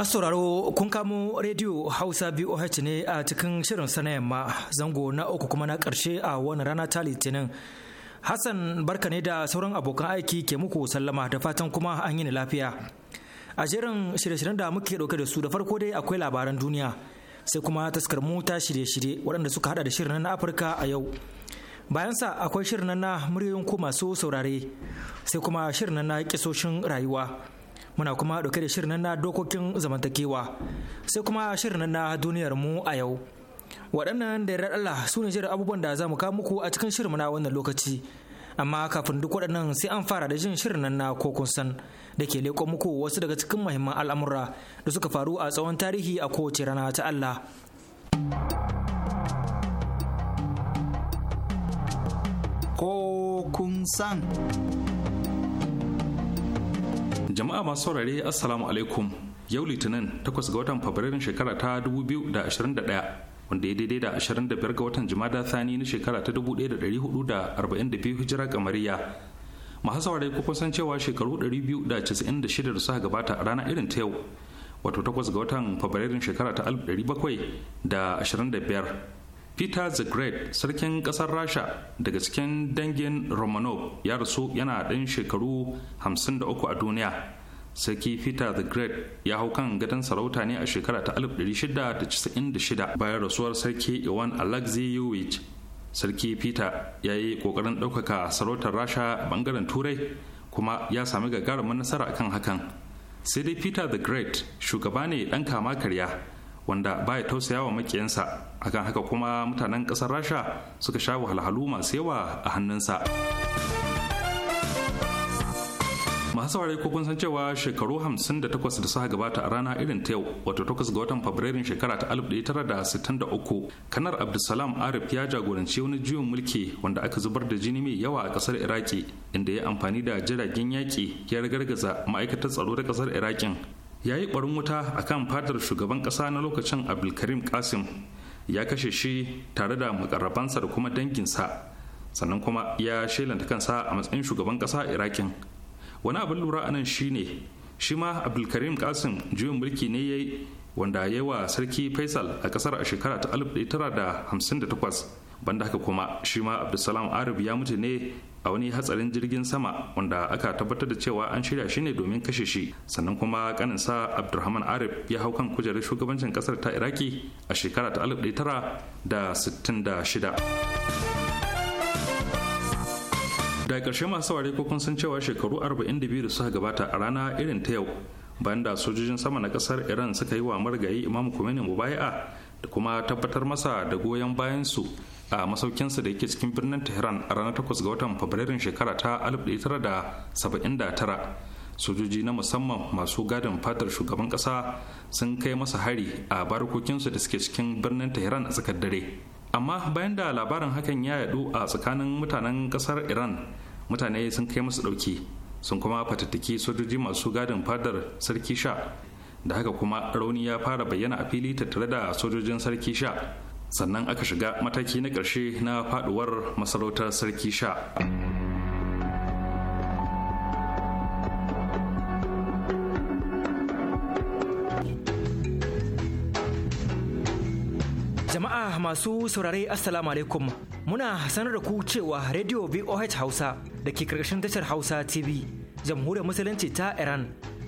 Masu sauraro kun kamo rediyo Hausa BOH ne a cikin shirin sana yamma zango na uku kuma na karshe a wani rana ta litinin. Hassan barka ne da sauran abokan aiki ke muku sallama da fatan kuma an yi lafiya. A jerin shirye-shiryen da muke dauke da su da farko dai akwai labaran duniya sai kuma taskar mu ta shirye-shirye waɗanda suka hada da shirin na Afirka a yau. Bayansa akwai shirin na muryoyin ku masu saurare sai kuma shirin na kisoshin rayuwa. muna kuma dauke da shirin na dokokin zamantakewa sai kuma shirin na duniyar mu a yau waɗannan da Allah su ne shirin abubuwan da za mu kawo muku a cikin shirin na wannan lokaci amma kafin duk waɗannan sai an fara da jin shirin nan na kokun san da ke leƙo muku wasu daga cikin muhimman al'amura da suka faru a tsawon tarihi a kowace rana ta Allah. ko kun san. jama'a masu saurare assalamu alaikum yau litinin 8 ga watan fabrairun shekara ta 2021 wanda ya daidai da 25 ga watan jumada thani na shekara ta 1442 hijira kamariya masu saurare ko san cewa shekaru 296 da suka gabata a ranar irin ta yau wato 8 ga watan fabrairun shekara ta 1725 peter the great sarkin kasar rasha daga cikin dangin romanov ya rasu yana ɗan shekaru 53 a duniya sarki peter the great ya hau kan gadon sarauta ne a shekara ta 1696 bayan rasuwar sarki iwan alexeyevich sarki peter ya yi ƙoƙarin ɗaukaka sarautar rasha bangaren turai kuma ya sami gagarumin nasara akan hakan sai dai peter the great shugaba ne ɗan kama karya wanda ba ya tausaya wa makiyansa akan haka kuma mutanen ƙasar rasha suka sha wahalhalu masu yawa a hannunsa masu saurari ko kun san cewa shekaru 58 da suka gabata a rana irin ta yau wato 8 ga watan fabrairun shekara ta 1963 kanar abdulsalam arif ya jagoranci wani juyin mulki wanda aka zubar da jini mai yawa a kasar iraki inda ya amfani da jiragen yaƙi ya ragargaza ma'aikatar tsaro da kasar irakin ya yi ɓarin wuta a kan fadar shugaban ƙasa na lokacin abdulkarim kasim ya kashe shi tare da makarabansa da kuma danginsa sannan kuma ya shelanta kansa a matsayin shugaban ƙasa irakin wani abin lura a nan shi ne, shi ma abdulkarim kasim juyin mulki ne ya yi wanda ya wa sarki faisal a ƙasar a shekara ta 1958 banda haka kuma shi ma abdulsalam arab ya mutu ne a wani hatsarin jirgin sama wanda aka tabbatar da cewa an shirya shi ne domin kashe shi sannan kuma kaninsa abdulrahman arif ya hau kan kujerar shugabancin kasar ta iraki a shekara ta 1966 da ƙarshe masu saurari ko kun san cewa shekaru arba'in da biyu da suka gabata a rana irin ta yau bayan da sojojin sama na ƙasar iran suka yi wa marigayi imam khomeini mubaya da kuma tabbatar masa da goyon bayan su a masaukinsa da yake cikin birnin tehran a ranar 8 ga watan fabrairun shekara ta 1979 sojoji na musamman masu gadin fadar shugaban kasa sun kai masa hari a barkokinsu da suke cikin birnin tehran a tsakar dare amma bayan da labarin hakan ya yadu a tsakanin mutanen kasar iran mutane sun kai masa ɗauki sun kuma fatattaki sojoji masu gadin fadar sarki sha da haka kuma rauni ya fara bayyana a fili tattare da sojojin sarki sha sannan aka shiga mataki na ƙarshe na faduwar masarautar sarki sha jama'a masu saurare assalamu alaikum muna sanar da ku cewa radio voh hausa da ke tashar hausa tv jamhuriyar musulunci ta iran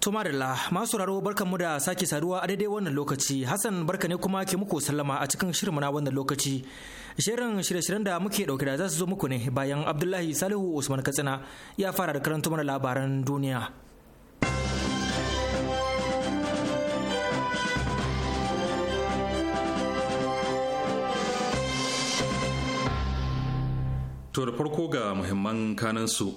To Marilla, masu raro mu da sake saduwa a daidai wannan lokaci. Hassan barka ne kuma ke muku sallama a cikin shirin na wannan lokaci. Shirin shirye-shiryen da muke dauke da za su zo muku ne bayan Abdullahi Salihu Usman Katsina ya fara da karanta mana labaran duniya. To da farko ga muhimman kanansu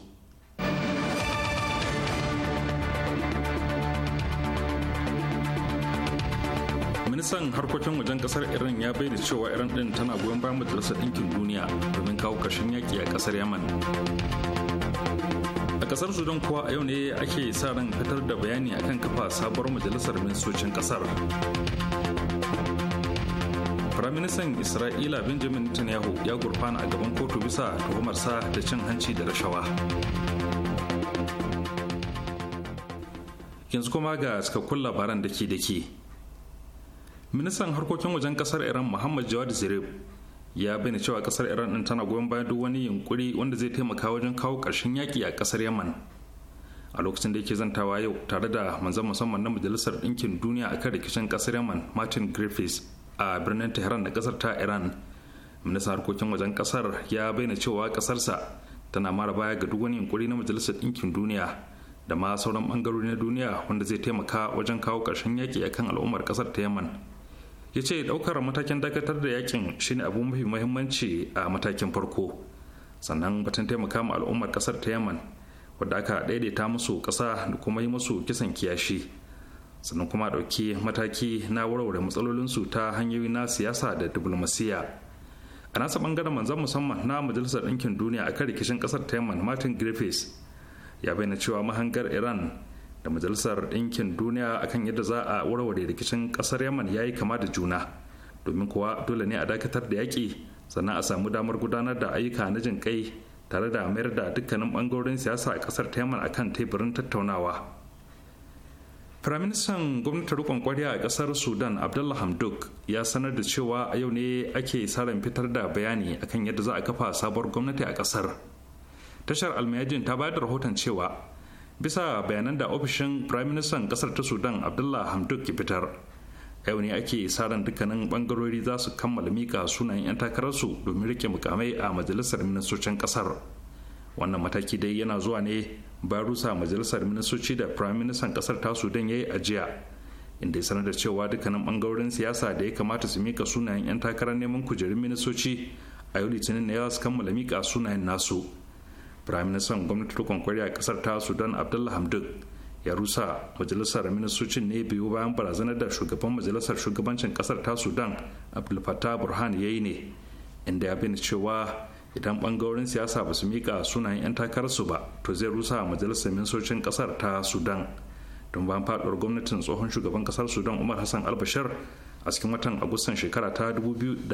son harkokin wajen kasar iran ya bayyana cewa iran din tana goyon bayan majalisar ɗinkin duniya domin kawo ƙarshen yaƙi a ƙasar yaman a ƙasar sudan kuwa a yau ne ake sa ran fitar da bayani akan kafa sabuwar majalisar ministocin ƙasar firaministan isra'ila benjamin netanyahu ya gurfana a gaban kotu bisa sa da cin hanci da rashawa yanzu kuma ga cikakkun labaran da ke da ke ministan harkokin wajen kasar iran muhammad jawad zarif ya bayyana cewa kasar iran din tana goyon baya duk wani yunkuri wanda zai taimaka wajen kawo ƙarshen yaƙi a kasar yaman a lokacin da yake zantawa yau tare da manzan musamman na majalisar ɗinkin duniya a kan rikicin kasar yaman martin griffiths a birnin tehran da kasar ta iran ministan harkokin wajen kasar ya bayyana cewa kasarsa tana mara baya ga duk wani yunkuri na majalisar ɗinkin duniya da ma sauran bangarori na duniya wanda zai taimaka wajen kawo ƙarshen yaƙi akan al'ummar kasar ta yaman ya ce daukar matakin dakatar da yakin shine abu mafi muhimmanci a matakin farko sannan batun taimaka ma al'ummar kasar ta yaman wadda aka daidaita musu kasa da kuma yi musu kisan kiyashi sannan kuma ɗauki mataki na warware matsalolinsu ta hanyoyi na siyasa da diplomasiya a nasa bangaren manzan musamman na majalisar ɗinkin duniya a akan rikishin ƙasar ta yaman martin griffiths ya bayyana cewa mahangar iran da majalisar ɗinkin duniya akan yadda za a warware rikicin ƙasar yaman ya yi kama da juna domin kuwa dole ne a dakatar da yaƙi sannan a samu damar gudanar da ayyuka na jin kai tare da mayar da dukkanin ɓangarorin siyasa a ƙasar ta yaman akan teburin tattaunawa firaministan gwamnatin rikon kwarya a ƙasar sudan abdullah hamduk ya sanar da cewa a yau ne ake saran fitar da bayani akan yadda za a kafa sabuwar gwamnati a ƙasar tashar almayajin ta bayar da rahoton cewa bisa bayanan da ofishin prime minister kasar ta sudan abdullah hamdok ke fitar yau ne ake saran dukkanin bangarori za su kammala mika sunayen 'yan takararsu domin rike mukamai a majalisar ministocin kasar wannan mataki dai yana zuwa ne bayan rusa majalisar ministoci da prime minister kasar ta sudan ya yi ajiya inda ya sanar da cewa dukkanin bangarorin siyasa da ya kamata su mika sunayen 'yan takarar neman kujerun ministoci a yau litinin ne za su kammala mika sunayen nasu firaministan gwamnati rukun a kasar ta sudan abdullah hamdok ya rusa majalisar ministocin ne biyu bayan barazanar da shugaban majalisar shugabancin kasar ta sudan abdulfata burhan ya yi ne inda ya bin cewa idan bangarorin siyasa ba su mika sunayen 'yan takararsu ba to zai rusa majalisar ministocin kasar ta sudan don bayan faduwar gwamnatin tsohon shugaban kasar sudan umar hassan albashir a cikin watan agustan shekara ta 2019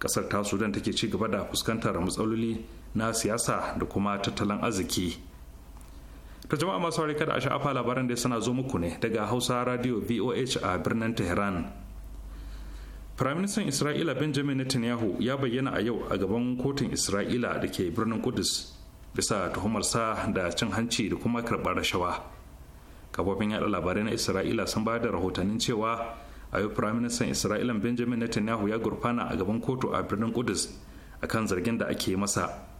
kasar ta sudan take ci gaba da fuskantar matsaloli na siyasa da kuma tattalin arziki ta jama'a masu harika da a sha'afa labaran da suna zo muku ne daga hausa radio voh a birnin tehran firaministan isra'ila benjamin netanyahu ya bayyana a yau a gaban kotun isra'ila da ke birnin kudus bisa tuhumarsa da cin hanci da kuma karɓar rashawa kafofin yada labarai na isra'ila sun bayar da rahotannin cewa a yau firaministan isra'ila benjamin netanyahu ya gurfana a gaban kotu a birnin kudus akan zargin da ake masa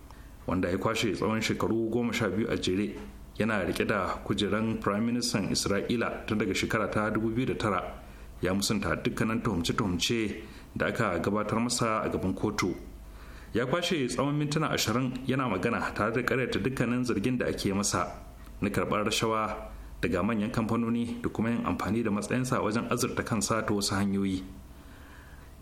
wanda ya kwashe tsawon shekaru goma sha biyu a jere yana rike da kujeran firaministan isra'ila tun daga shekara ta 2009 ya musanta dukkanin tuhumce-tuhumce da aka gabatar masa a gaban kotu ya kwashe tsawon mintuna ashirin yana magana tare da karyata dukkanin zargin da ake masa na karɓar rashawa daga manyan kamfanoni da kuma yin amfani da matsayinsa wajen azurta kansa ta wasu hanyoyi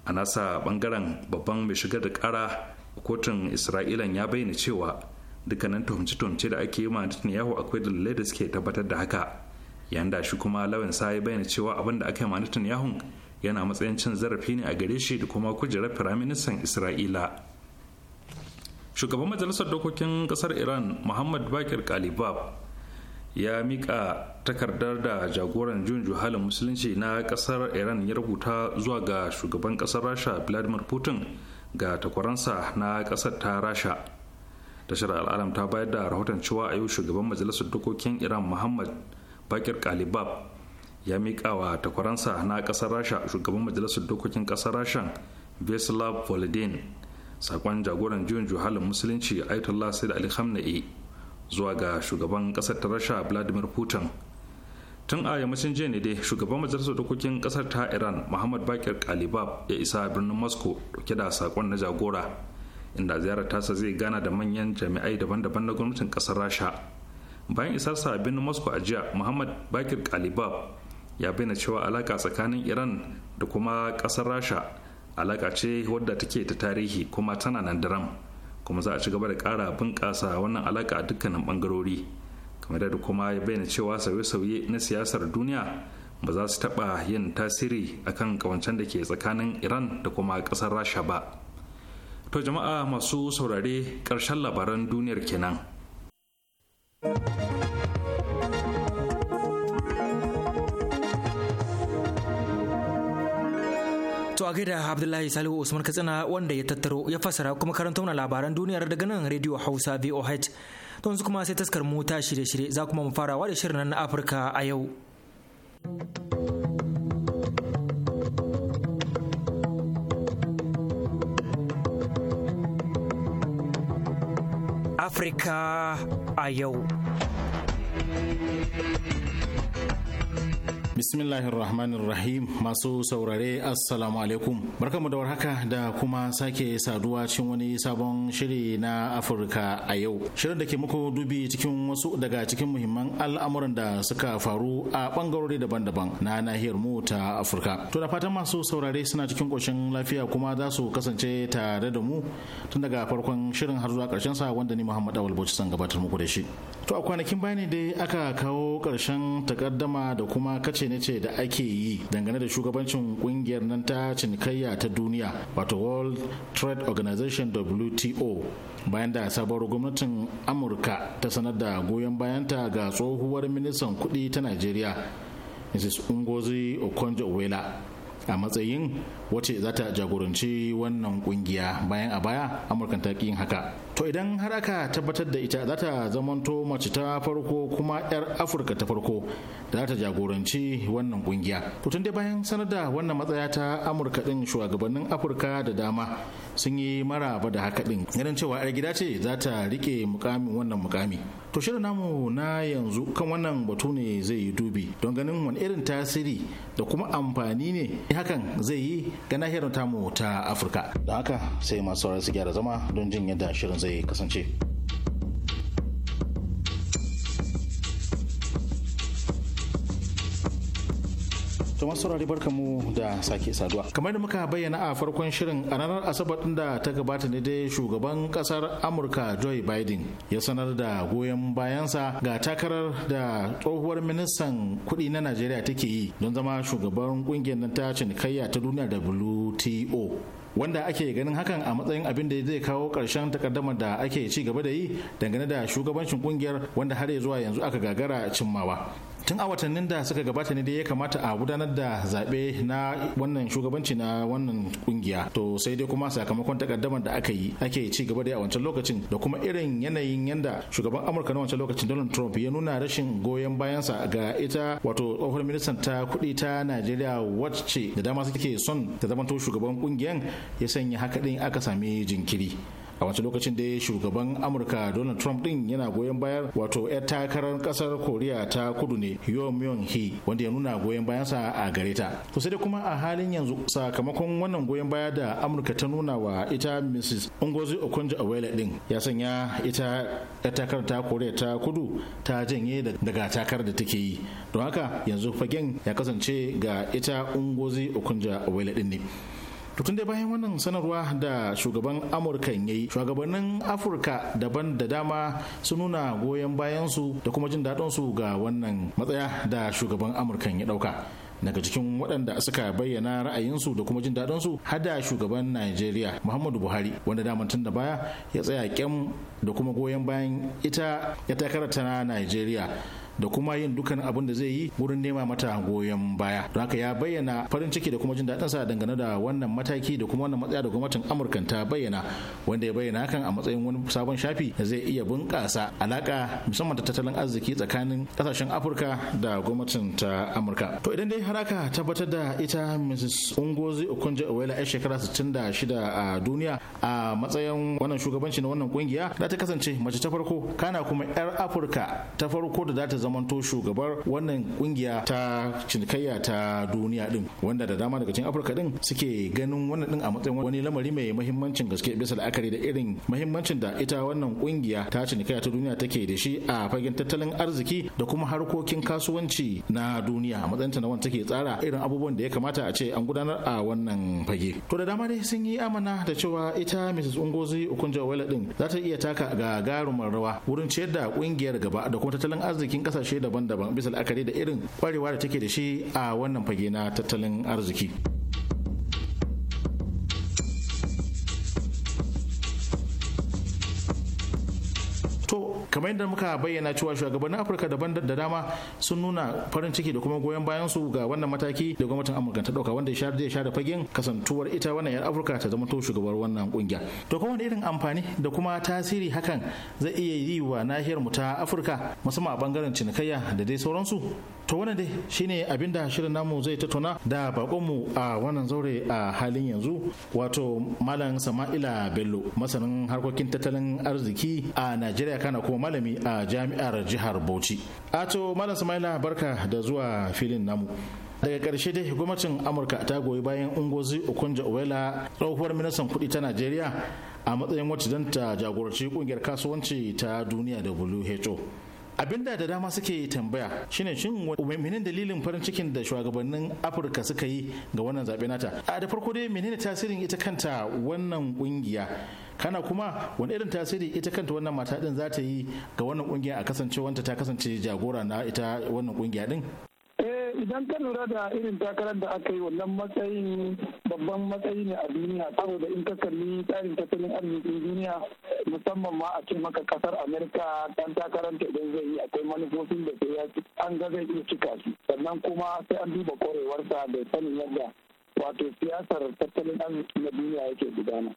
a nasa bangaren babban mai shigar da kara kotun isra'ilan ya bayyana cewa dukkanin tuhumce-tuhumce da ake yi ma netanyahu akwai dalilai da suke tabbatar da haka yayin da shi kuma lawan sa ya bayyana cewa abin da aka yi ma netanyahu yana matsayin cin zarafi ne a gare shi da kuma kujerar firaministan isra'ila shugaban majalisar dokokin kasar iran muhammad bakir kalibab ya mika takardar da jagoran jun juhalin musulunci na kasar iran ya rubuta zuwa ga shugaban kasar rasha vladimir putin ga takwaransa na ƙasar ta rasha tashar al'adam ta bayar da rahoton cewa a yau shugaban majalisar dokokin iran muhammad bakir kalibab ya miƙa wa takwaransa na ƙasar rasha shugaban majalisar dokokin ƙasar rashan veslav volodin sakon jagoran juyin juhalin musulunci ayatollah said ali khamenei zuwa ga shugaban ƙasar ta rasha vladimir putin tun a yammacin jiya ne dai shugaban majalisar dokokin kasar ta iran muhammad bakir kalibab ya isa birnin moscow dauke da sakon na jagora inda ziyarar tasa zai gana da manyan jami'ai daban-daban na gwamnatin kasar rasha bayan isarsa birnin moscow a jiya muhammad bakir kalibab ya bayyana cewa alaka tsakanin iran da kuma kasar rasha alaka ce wadda take ta tarihi kuma tana nan daram kuma za a ci gaba da kara bunƙasa wannan alaka a dukkanin bangarori kamar kuma ya bayyana cewa sauye-sauye na siyasar duniya ba za su taɓa yin tasiri akan kawancen da ke tsakanin iran da kuma ƙasar rasha ba to jama'a masu saurare ƙarshen labaran duniyar kenan. To a gaida Abdullahi Salihu Usman Katsina wanda ya tattaro ya fasara kuma karanta mana labaran duniyar daga nan Radio Hausa VOH. To yanzu kuma sai taskar mu ta shirye-shirye za kuma mu farawa da shirin na Afirka a yau. Afirka a yau. Bismillahirrahmanirrahim masu saurare assalamu alaikum barkamu da warhaka da kuma sake saduwa cikin wani sabon shiri na Afirka a yau shirin da ke muku dubi cikin wasu daga cikin muhimman al'amuran da suka faru a bangarori daban-daban na nahiyar mu ta Afirka to da fatan masu saurare suna cikin koshin lafiya kuma za su kasance tare da mu tun daga farkon shirin har zuwa karshen sa wanda ni Muhammad Awal Bauchi san gabatar muku da shi to a kwanakin bayani dai aka kawo karshen takaddama da kuma kace gine ce da ake yi dangane da shugabancin kungiyar nan ta cinikayya ta duniya wato world trade organization wto bayan da sabuwar gwamnatin amurka ta sanar da goyon bayanta ga tsohuwar ministan kudi ta najeriya mrs ungozi okonjo-iweala a matsayin wacce za ta jagoranci wannan kungiya bayan a baya Amurkan ta yin haka to idan har aka tabbatar da ita za ta zamanto mace ta farko kuma 'yar afirka ta farko da za ta jagoranci wannan kungiya to tun dai bayan sanar da wannan matsaya ta amurka din shugabannin afirka da dama sun yi maraba da haka din ganin cewa 'yar gida ce za ta rike mukamin wannan mukami to shirin namu na yanzu kan wannan batu ne zai yi dubi don ganin wani irin tasiri da kuma amfani ne hakan zai yi ga nahiyar tamu ta afirka da haka sai masu su gyara zama don jin yadda shirin zai kasance to masu saurari mu da sake saduwa kamar da muka bayyana a farkon shirin a ranar asabar din da ta gabata ne dai shugaban kasar amurka joe biden ya sanar da goyon bayansa ga takarar da tsohuwar ministan kuɗi na najeriya take yi don zama shugaban kungiyar ta cinikayya ta duniya wto wanda ake ganin hakan a matsayin abin da zai kawo karshen takaddamar da ake ci gaba da yi dangane da shugabancin kungiyar wanda har ya zuwa yanzu aka gagara cimmawa tun a watannin da suka gabata ne dai ya kamata a gudanar da zaɓe na wannan shugabanci na wannan kungiya to sai dai kuma sakamakon takaddamar da aka yi ake ci gaba da a wancan lokacin da kuma irin yanayin yanda shugaban amurka na wancan lokacin donald trump ya nuna rashin goyon bayansa ga ita wato tsohon ministan ta kuɗi ta najeriya wacce da dama suke son ta zamanto shugaban kungiyan ya sanya haka din aka sami jinkiri a wancan lokacin dai shugaban amurka donald trump din yana goyon bayan wato 'yar takarar kasar koriya ta kudu ne yom myung hee wanda ya nuna goyon bayansa a gare ta to sai kuma a halin yanzu sakamakon wannan goyon baya da amurka ta nuna wa ita mrs ungozi okonjo awele din ya sanya ita 'yar takarar ta koriya ta kudu ta janye daga takarar da take yi don haka yanzu fagen ya kasance ga ita ungozi okonjo awele din ne tun da bayan wannan sanarwa da shugaban amurka ya yi shugabannin afirka daban da dama sun nuna goyon bayansu da kuma jin daɗinsu ga wannan matsaya da shugaban amurka ya ɗauka daga cikin waɗanda suka bayyana ra'ayinsu da kuma jin daɗinsu hada shugaban najeriya muhammadu buhari wanda daman tun da baya ya tsaya kyam da kuma goyon bayan ita ya takara ta najeriya da kuma yin dukkan abin da zai yi wurin nema mata goyon baya don haka ya bayyana farin ciki da kuma jin daɗin sa dangane da wannan mataki da kuma wannan matsaya da gwamnatin amurka ta bayyana wanda ya bayyana hakan a matsayin wani sabon shafi da zai iya bunƙasa Alaka musamman ta tattalin arziki tsakanin kasashen afirka da gwamnatin ta amurka to idan dai har aka tabbatar da ita mrs ungozi okonjo iweala a shekara 66 a duniya a matsayin wannan shugabanci na wannan kungiya za ta kasance mace ta farko kana kuma yar afirka ta farko da za ta zamanto shugabar wannan kungiya ta cinikayya ta duniya din wanda da dama daga cikin afirka din suke ganin wannan din a matsayin wani lamari mai muhimmancin gaske bisa la'akari da irin muhimmancin da ita wannan kungiya ta cinikayya ta duniya take da shi a fagen tattalin arziki da kuma harkokin kasuwanci na duniya a matsayin na wanda take tsara irin abubuwan da ya kamata a ce an gudanar a wannan fage to da dama dai sun yi amana da cewa ita Mrs. Ungozi Okunjo iweala din za ta iya taka gagarumar rawa wurin ciyar da kungiyar gaba da kuma tattalin arzikin kasashe daban-daban bisa la'akari da irin kwarewa da take da shi a wannan fage na tattalin arziki. kamar yadda muka bayyana cewa shugabannin afirka daban da dama sun nuna farin ciki da kuma goyon bayan su ga wannan mataki da gwamnatin amurka ta dauka wanda ya zai share fagen kasantuwar ita wannan yar afirka ta zama to shugabar wannan kungiya to kuma wani irin amfani da kuma tasiri hakan zai iya yi wa nahiyar mu ta afirka musamman a bangaren cinikayya da dai sauransu to wannan dai shine abinda shirin namu zai tattauna da bakonmu a wannan zaure a halin yanzu wato malam sama'ila bello masanin harkokin tattalin arziki a najeriya kana kuma malami a jami'ar jihar bauchi a to malam sama'ila barka da zuwa filin namu daga ƙarshe dai gwamnatin amurka ta goyi bayan ungozi okonjo uwela tsohuwar ministan kuɗi ta najeriya a matsayin wacce don ta jagoranci ƙungiyar kasuwanci ta duniya who abinda da dama suke tambaya shine shin menene dalilin farin cikin da shugabannin afirka suka yi ga wannan zaɓe nata a da farko dai menene tasirin ita kanta wannan kungiya kana kuma wani irin tasiri ita kanta wannan mata din za ta yi ga wannan kungiya a kasancewanta ta kasance jagora na ita wannan kungiya din Eh idan ka lura da irin takarar da aka yi wannan matsayin babban matsayi ne a duniya saboda in ka kalli tsarin tattalin arzikin duniya musamman ma a ce maka kasar Amerika dan takarar ta idan zai yi akwai manufofin da sai ya an ga zai iya cika su sannan kuma sai an duba kwarewarsa da sanin yadda wato siyasar tattalin arziki na duniya yake gudana.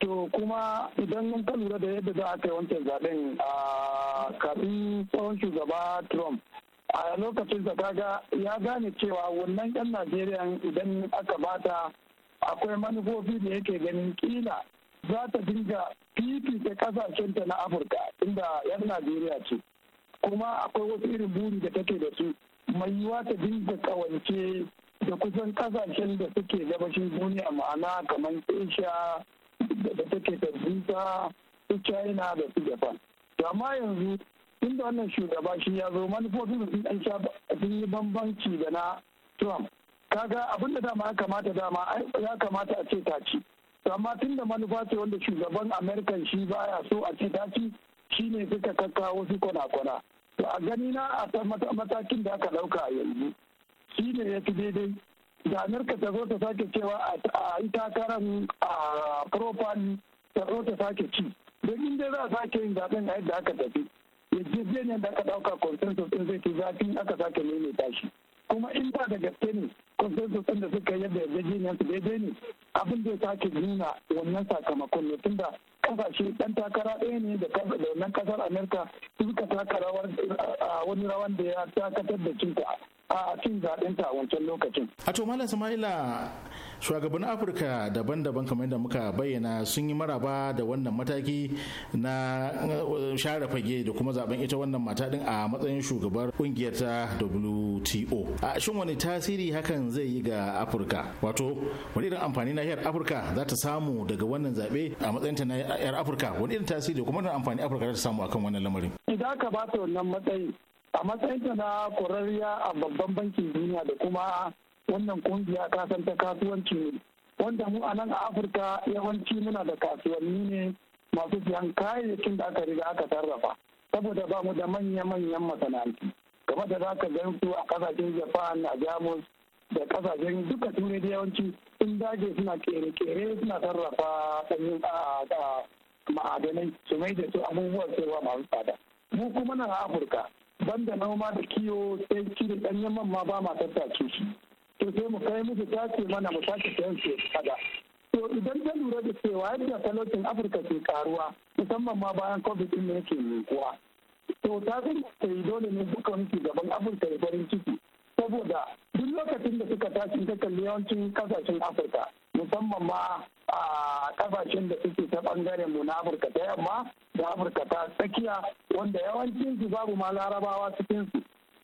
To kuma idan mun ka lura da yadda za a kai wancan zaben a ah, kafin tsawon shugaba Trump a lokacin da kaga ya gane cewa wannan yan najeriya idan aka bata akwai manufofi da yake ganin kila za ta dinga fifita kasashenta na afirka inda yan najeriya ce kuma akwai wasu irin buri da take da su mai yiwa ta dinga kawance da kusan kasashen da suke gabashin duniya ma'ana kamar asia da take tabbata su china da su japan to amma yanzu tun da wannan shugaba shi ya zo manufofin sun dan sun yi bambanci da na trump kaga abin da dama ya kamata dama ya kamata a ce ta ci amma tun da manufa ce wanda shugaban american shi baya so a ce ta ci shine suka kakkawo su kwana-kwana to a gani na a matakin da aka dauka a yanzu shi ne ya fi daidai da amurka ta zo ta sake cewa a yi takarar a propan ta zo ta sake ci don inda za a sake yin zaben a yadda aka tafi yarjejeniyar da aka ɗauka consensus ɗin zai fi zafi aka sake maimaita shi kuma in ba da gaske ne consensus ɗin da suka yadda yarjejeniyar su daidai ne abin da sake nuna wannan sakamakon ne tunda kasashe ɗan takara ɗaya ne da wannan kasar america suka taka rawar wani rawan da ya dakatar da cinta a cin zaɓen ta wancan lokacin. A to Malam Sama'ila shugaban Afirka daban-daban kamar yadda muka bayyana sun yi maraba da wannan mataki na uh, share fage da kuma zaben ita wannan mata din a matsayin shugabar kungiyar ta WTO. A shin wani tasiri hakan zai yi ga Afirka? Wato wani irin amfani na yar Afirka za ta samu daga wannan zaɓe a matsayin ta na yar Afirka? Wani irin tasiri kuma irin amfani Afirka za ta samu akan wannan lamarin? Idan ka ba ta wannan matsayi a matsayinta na kwararriya a babban bankin duniya da kuma wannan kungiya ta ta kasuwanci ne wanda mu a nan a afirka yawanci muna da kasuwanni ne masu siyan kayayyakin da aka riga aka sarrafa saboda ba mu da manya-manyan masana'antu game da za ka gan su a kasashen japan a jamus da kasashen duka turai da yawanci sun dage suna kere-kere suna sarrafa sanyin ma'adanai su mai da su abubuwan sayarwa masu tsada mu kuma nan a afirka banda noma da kiwo sai cire ɗanyen man ma ba ma tattace shi to sai mu kai musu tace mana mu sake sayan su kada to idan ta lura da cewa yadda talaucin afirka ke karuwa musamman ma bayan covid din ne yake kuwa. to ta zama dole ne dukkan gaban afirka ya farin ciki saboda duk lokacin da suka tashi ta kalli yawancin kasashen afirka musamman ma a kasashen da suke ta bangaren mu na afirka ta yamma da afirka ta tsakiya wanda yawancin su babu ma larabawa cikin su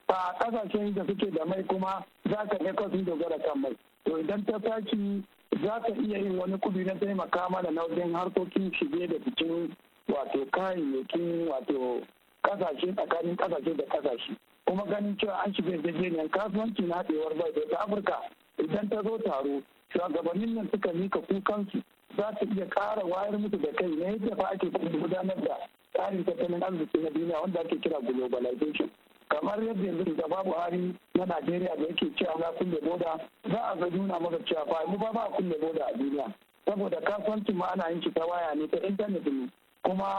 a kasashen da suke da mai kuma za ka ga kasu dogara kan mai to idan ta tashi za ta iya yin wani kudi na taimaka mana nauyin harkokin shige da cikin wato kayayyakin wato kasashe tsakanin kasashe da kasashe kuma ganin cewa an shiga yarjejeniyar kasuwanci na haɗewar bai da afirka idan ta zo taro shugabannin nan suka mika kukansu za su iya ƙara wayar musu da kai na yadda fa ake gudanar da tsarin tattalin arziki na duniya wanda ake kira globalization kamar yadda yanzu da babu hari na najeriya da yake cewa na kulle boda za a ga nuna maka cewa fa mu ba ba kulle boda a duniya saboda kasuwancin ma ana yin shi ta waya ne ta intanet ne kuma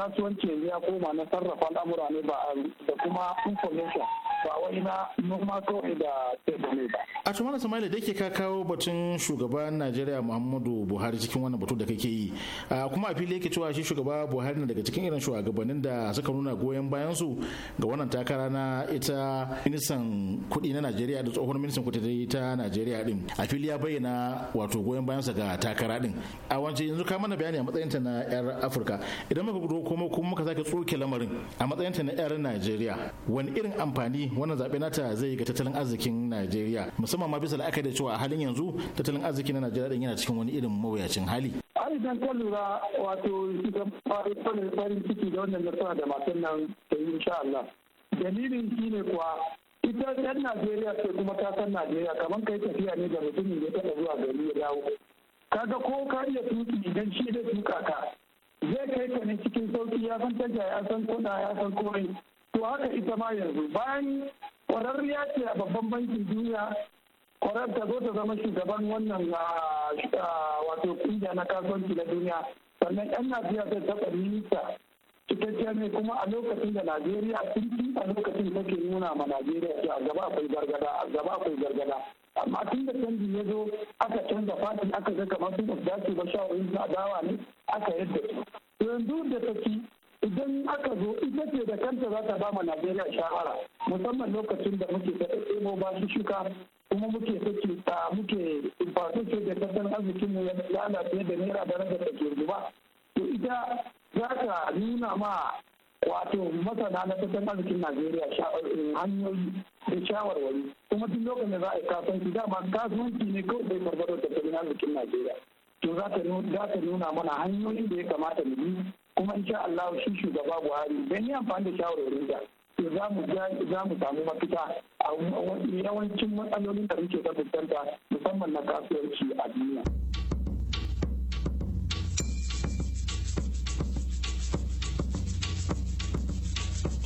kasuwanci yanzu ya koma na sarrafa al'amura ne ba da kuma information ba wai na noma da A tumana Samaila da ke ka kawo batun shugaban Najeriya Muhammadu Buhari cikin wannan batun da kake yi. Kuma a fili yake cewa shi shugaba Buhari na daga cikin irin shugabannin da suka nuna goyon bayansu su ga wannan takara na ita ministan kuɗi na Najeriya da tsohon ministan kudi ta Najeriya din. A fili ya bayyana wato goyon bayansa ga takara din. A wance yanzu ka mana bayani a matsayinta na 'yar Afirka. Idan muka gudu kuma kuma muka sake tsoke lamarin a matsayinta na 'yar Najeriya wani irin amfani wannan zaɓe nata zai yi ga tattalin arzikin najeriya musamman ma bisa la'akari da cewa a halin yanzu tattalin arziki na najeriya din yana cikin wani irin mawuyacin hali idan ta lura wato shugaban farin ciki da wannan nasara da matan nan ta yi insha Allah dalilin ne kuwa ita yan Najeriya ce kuma tasan san Najeriya kamar kai tafiya ne da mutumin da ya taɓa zuwa gari ya dawo ga ko ka iya tuki idan shi da tuka ka zai kai ka ne cikin sauki ya san taja ya san kuna ya san to haka ita ma yanzu bayan kwararriya ce a babban bankin duniya kwarar ta zo ta zama shugaban wannan ah, ah, wato kungiya na kasuwanci na duniya sannan yan najeriya zai taɓa minista cikakke ne kuma a lokacin da najeriya fi a lokacin take nuna ma najeriya ce a gaba akwai gargada a gaba akwai gargada amma tun da canji ya zo aka canza fatin aka ga kamar sun dace ba shawarin a adawa ne aka yadda su yanzu da ta ci idan aka zo ita ce da kanta za ta bama najeriya shahara musamman lokacin da muke da ɗebo ba su shuka kuma muke take ta muke infrastructure da tattalin arzikin mu ya da naira da rage da ke ruba to ita za ta nuna ma wato masana na tattalin arzikin najeriya eh, hanyoyi da shawarwari kuma tun lokacin da za a yi kasuwanci dama kasuwanci ne kawai bai farfado tattalin arzikin najeriya to za ta nuna mana hanyoyin da ya kamata mu bi kuma insha Allah shi shugaba Buhari dan yi amfani da shawarwarin da to za mu za mu samu mafita a yawancin matsalolin da muke fuskanta musamman na kasuwanci a duniya.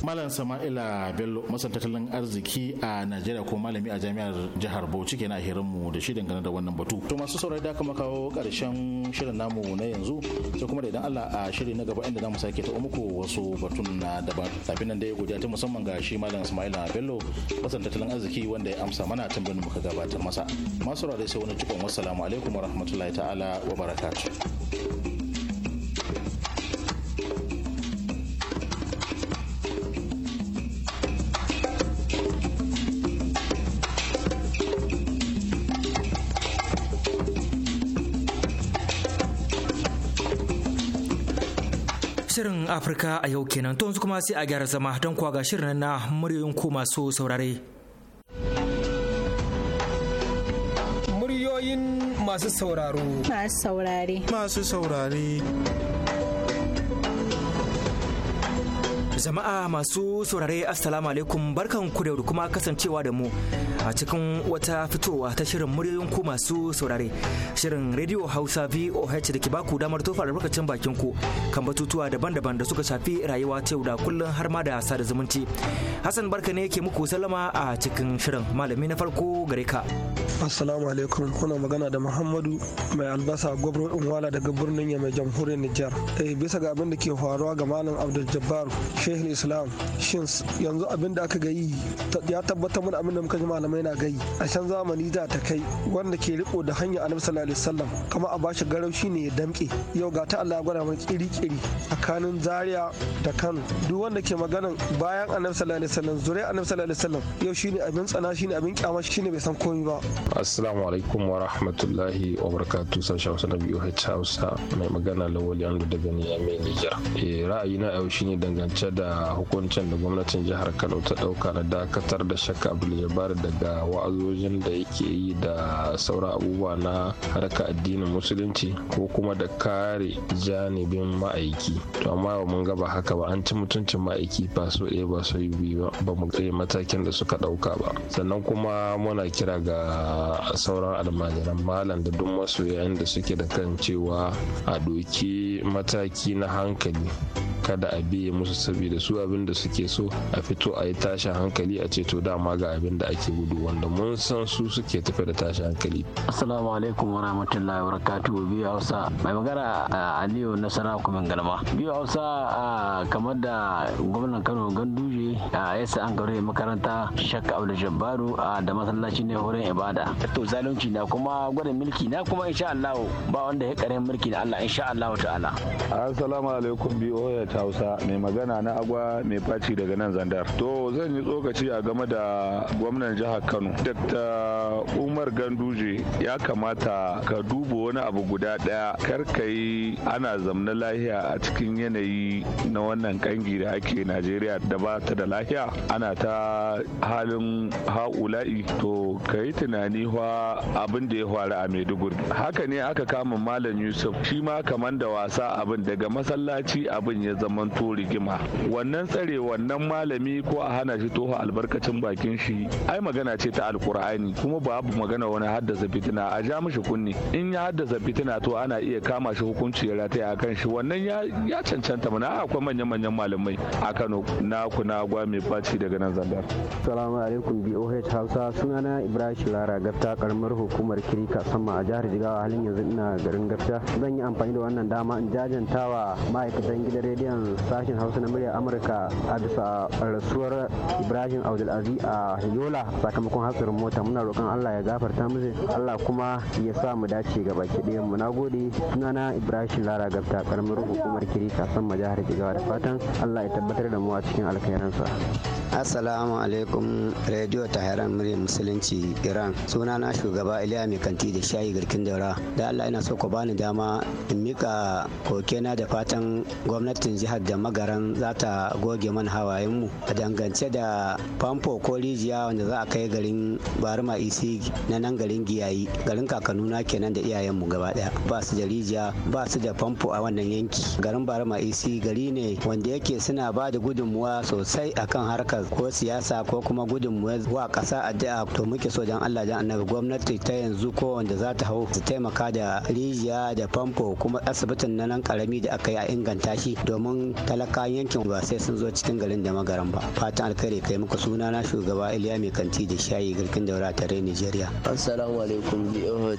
malam sama'ila bello masan tattalin arziki a najeriya ko malami a jami'ar jihar bauchi kenan a hirinmu da shi dangane da wannan batu to masu saurari da kuma kawo karshen shirin namu na yanzu sai kuma da idan allah a shiri na gaba inda zamu sake ta muku wasu batun na daban tafi nan dai godiya ta musamman ga shi malam sama'ila bello masan tattalin arziki wanda ya amsa mana tambayoyin muka gabatar masa masu saurari sai wani cikon wassalamu alaikum rahmatullahi ta'ala wa barakatuh Shirin Afirka a yau kenan to yanzu kuma sai a gyara zama don kuwa ga shirin na muryoyin ku masu saurare. Muryoyin masu sauraro. Masu saurare. Masu saurare. Jama'a masu saurare Assalamu alaikum barkan ku da kuma kasancewa da mu a cikin wata fitowa ta shirin muryoyin ku masu saurare. Shirin Radio Hausa VOH da ke baku damar tofa albarkacin bakin ku kan batutuwa daban-daban da suka shafi rayuwa ta yau da kullum har ma da sada zumunci. Hassan barka ne ke muku sallama a cikin shirin malami na farko gare ka. Assalamu alaikum kuna magana da Muhammadu mai albasa gwabro unwala daga birnin Yamai jamhuriyar Nijar. Eh, bisa ga abin da ke faruwa ga malam Abdul Jabbar shehul islam shin yanzu abin da aka gayi ya tabbatar mana abin da muka ji malamai na gayi a can zamani da ta kai wanda ke riko da hanyar annabi sallallahu alaihi wasallam kama a bashi garaushi ne ya damke yau ga ta Allah ya gwada mana kiri-kiri tsakanin Zaria da Kano duk wanda ke maganan bayan annabi sallallahu alaihi wasallam zuriya annabi sallallahu alaihi wasallam yau shine abin tsana shine abin kyama shine bai san komai ba assalamu alaikum wa rahmatullahi wa barakatuh sashen Hausa na BOH Hausa mai magana Lawali an Andu daga mai nijar eh ra'ayina yau shine dangance da hukuncin da gwamnatin jihar kano ta dauka na dakatar da shakka abdul daga wa'azojin da yake yi da sauran abubuwa na harka addinin musulunci ko kuma da kare janibin ma'aiki to amma ba mun ga ba haka ba an ci mutuncin ma'aiki ba so ɗaya ba so biyu ba mu tsaye matakin da suka ɗauka ba sannan kuma muna kira ga sauran almajiran malam da duk masoyan da suke da kan cewa a doki mataki na hankali kada a biye musu sabi da su abin da suke so a fito a yi tashin hankali a ce to dama ga abin da ake gudu wanda mun san su suke tafi da tashin hankali assalamu alaikum wa rahmatullahi wa barakatuhu biyu hausa mai magana aliyu na nasara kuma galma biyu hausa kamar da gwamnan kano ganduje a yasa an karo makaranta shakka abu da jabbaru da masallaci ne horon ibada to zalunci na kuma gwada mulki na kuma insha Allah ba wanda ya karin mulki na Allah insha Allah ta'ala assalamu alaikum biyu hausa mai magana na agwa mai faci daga nan zandar to zan yi tsokaci a game da gwamnan jihar kano dr umar ganduje ya kamata ka duba wani abu guda daya kar ka yi ana zamna lahiya a cikin yanayi na wannan kangi da ake najeriya da ba ta da lahiya ana ta halin ha'ula'i to ka yi tunani wa abin da ya faru a maiduguri haka ne aka kama malam yusuf shi ma kamar da wasa abin daga masallaci abin ya zama to rigima wannan tsare wannan malami ko a hana shi toho albarkacin bakin shi ai magana ce ta alkur'ani kuma babu magana wani haddasa fitina a ja mishi kunni in ya haddasa fitina to ana iya kama shi hukunci ya rataya a kan shi wannan ya cancanta mana akwai manya-manyan malamai a Kano na kuna gwa mai faci daga nan zangar. Salamu alaikum BOH Hausa sunana Ibrahim Lara Gafta karamar hukumar Kirika sama a jihar Jigawa halin yanzu ina garin Gafta zan yi amfani da wannan dama in jajantawa ma'aikatan gidan rediyon sashen Hausa na murya amurka a bisa rasuwar ibrahim abdulaziz a yola sakamakon hatsarin mota muna roƙon allah ya gafarta mishi allah kuma ya sa mu dace ga baki ɗayan mu nagode sunana ibrahim lara gabta karamar hukumar kiri kasan majahar jigawa da fatan allah ya tabbatar da mu a cikin alkhairansa assalamu alaikum radio taharan murya musulunci iran sunana shugaba iliya mai kanti da shayi garkin daura da allah ina so ku bani dama in mika kokena da fatan gwamnatin jihar da magaran za ta A goge man hawayen mu a dangance da famfo ko rijiya wanda za a kai garin barima isi na nan garin giyayi garin kakanuna kenan da iyayen mu gaba daya ba su da rijiya ba su da famfo a wannan yanki garin barima isi gari ne wanda yake suna ba da gudunmuwa sosai akan harkar ko siyasa ko kuma gudunmuwa wa kasa addu'a to muke so dan Allah dan annabi gwamnati ta yanzu ko wanda za ta hau su taimaka da rijiya da famfo kuma asibitin na nan karami da aka yi a inganta shi domin talakan yankin ba sai sun zo cikin garin da magaran ba fatan alkhairi kai muku suna na shugaba iliya mai kanti da shayi girkin daura tare nigeria assalamu alaikum voh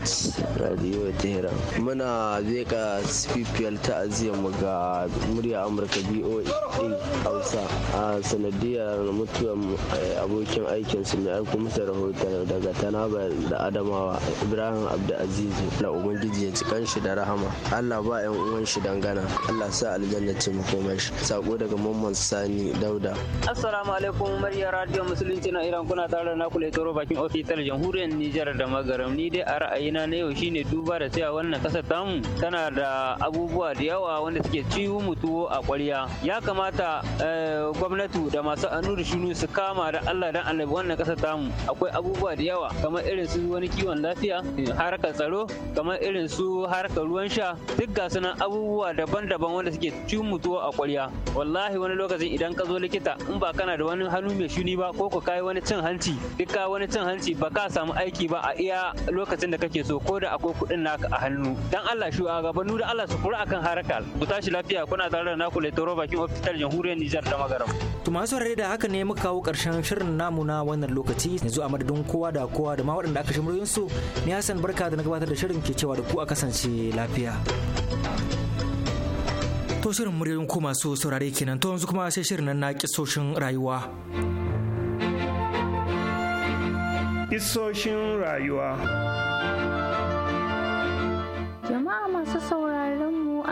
radio tehran muna zeka spiritual ta'aziyar mu ga murya amurka voa hausa a sanadiyar mutuwar eh, abokin aikin su mai aiko masa rahoton daga tanaba da adamawa ibrahim abdulaziz na ubangiji ya kan shi da rahama allah ba yan uwan shi dangana allah sa aljanna ce mu shi sako daga Muhammad Sani Dauda. Assalamu alaikum murya Radio Musulunci na Iran kuna tare na kula toro bakin ofisar jamhuriyar Nijar da Magaram ni dai a ra'ayina na yau shine duba da cewa wannan kasar tamu tana da abubuwa da yawa wanda suke ciwo mutuwo a ƙwarya. Ya kamata eh, gwamnati da masu anu da shunu su kama da Allah dan Annabi wannan kasar tamu akwai abubuwa da yawa kamar irin su wani kiwon lafiya harkar tsaro kamar irin su harkar ruwan sha duk ga sunan abubuwa daban-daban wanda suke ciwo mutuwo a ƙwarya. Wallahi wallahi wani lokacin idan ka zo likita in ba kana da wani hannu mai shuni ba ko ka kai wani cin hanci duk ka wani cin hanci ba ka samu aiki ba a iya lokacin da kake so ko da akwai kuɗin naka a hannu dan Allah shi a gaba da Allah su kura akan haraka ku tashi lafiya kuna tare da naku Laitoro bakin ofital jamhuriyar Nijar da Magaram to masu rare da haka ne muka kawo karshen shirin namu na wannan lokaci yanzu a madadin kowa da kowa da ma waɗanda aka shi su ni Hassan barka da na gabatar da shirin ke cewa da ku a kasance lafiya To shirin muryoyin ku masu saurare kenan to yanzu kuma sai shirin nan na kisoshin rayuwa. Kisoshin rayuwa.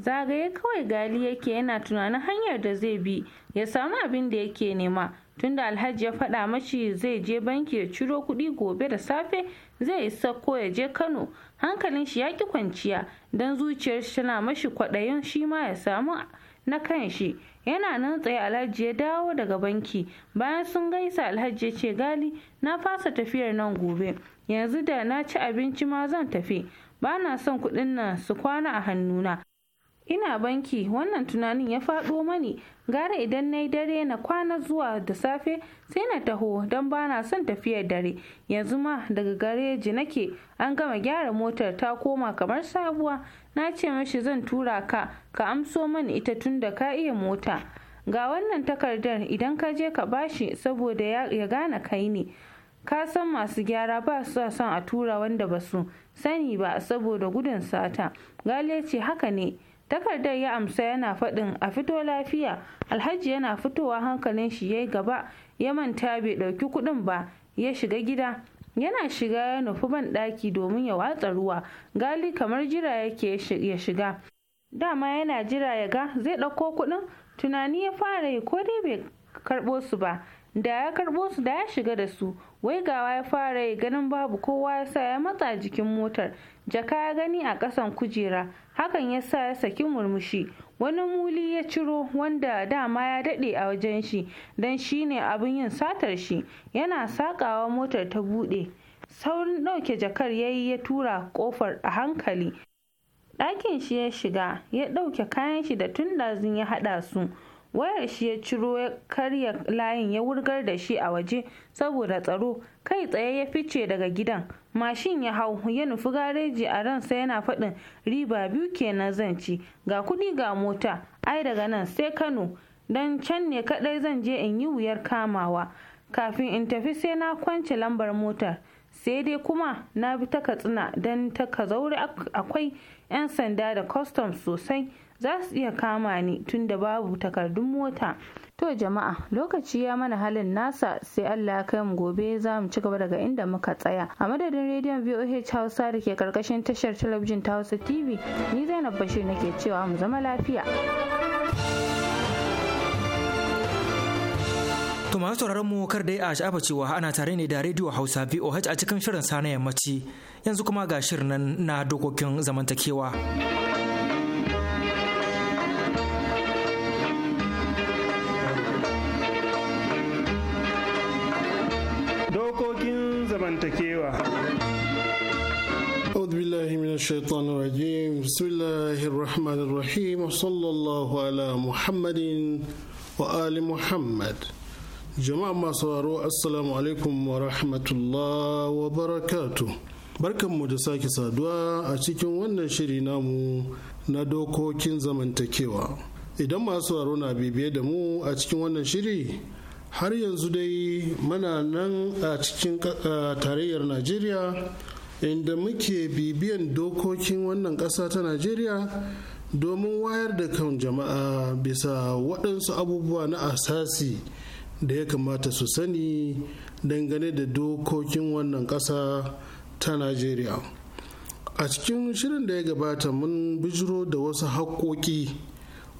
zagaye kawai gali yake yana tunanin hanyar da zai bi ya samu abin da yake nema tunda alhaji ya faɗa mashi zai je banki ya ciro kuɗi gobe da safe zai isa ko ya je kano hankalin shi ya ki kwanciya don zuciyar shi tana mashi kwaɗayin shi ma ya samu na kan shi yana nan tsaye alhaji ya dawo daga banki bayan sun gaisa alhaji ya ce gali na fasa tafiyar nan gobe yanzu da na ci abinci ma zan tafi bana son kuɗin nan su kwana a hannuna ina banki wannan tunanin ya faɗo mani gara idan na yi dare na kwana zuwa da safe sai na taho don ba na son tafiyar dare yanzu ma daga gareji nake an gama gyara motar ta koma kamar sabuwa na ce mashi zan tura ka ka amso mani ita tun da ka iya mota ga wannan takardar idan ka je ka bashi saboda ya gane kai ne ka san masu gyara ba su son a tura wanda ba su sani ba saboda gudun sata gale ce haka ne takardar ya amsa yana faɗin a fito lafiya alhaji yana fitowa hankalin shi ya gaba ya manta bai ɗauki kuɗin ba ya shiga gida yana shiga ya nufi ban ɗaki domin ya watsa ruwa gali kamar jira yake ya shiga dama yana jira ya ga zai ɗauko kuɗin tunani ya fara yi ko dai bai karɓo su ba da ya karɓo su da ya shiga da su wai gawa ya fara yi ganin babu kowa ya sa ya matsa jikin motar jaka ya gani a ƙasan kujera hakan ya sa ya saki murmushi wani muli ya ciro wanda dama ya daɗe a wajen shi don shi ne abin yin satar shi yana sakawa motar ta buɗe saurin ɗauke jakar ya yi ya tura ƙofar a hankali ɗakin shi ya shiga ya ɗauke kayan shi da tun ɗazun ya haɗa su wayar shi ya ciro ya karya layin ya wurgar da shi a waje saboda tsaro kai tsaye ya fice daga gidan mashin ya hau ya nufi gareji a ransa yana faɗin riba biyu kenan zan ci ga kuɗi ga mota ai daga nan sai kano don can ne kaɗai zan je in yi wuyar kamawa kafin in tafi sai na kwance lambar motar sai dai kuma na bi ta katsina don ta zaure akwai 'yan sanda da kwastam sosai za su iya kama ni tunda babu takardun mota to jama'a lokaci ya mana halin nasa sai allah ya kai mu gobe za mu ci gaba daga inda muka tsaya a madadin rediyon voh hausa da ke karkashin tashar talabijin ta hausa tv ni zainab bashir nake cewa mu zama lafiya To masu sauraron mu kar dai a sha'afa cewa ana tare ne da rediyo Hausa VOH a cikin shirin sa na yammaci yanzu kuma ga shirin na dokokin zamantakewa. zamantakewa أعوذ بالله من الشيطان الرجيم بسم الله الرحمن الرحيم وصلى الله jama'a masu sauraro assalamu alaikum wa rahmatullah wa barakatu barkanmu da sake saduwa a cikin wannan shiri namu na dokokin zamantakewa idan masu sauraro na bibiye da mu a cikin wannan shiri har yanzu dai muna nan a cikin tarayyar najeriya inda muke bibiyan dokokin wannan ƙasa ta najeriya domin wayar da kan jama'a bisa waɗansu abubuwa na asasi da ya kamata su sani dangane da dokokin wannan ƙasa ta najeriya a cikin shirin da ya gabata mun bijiro da wasu haƙoƙi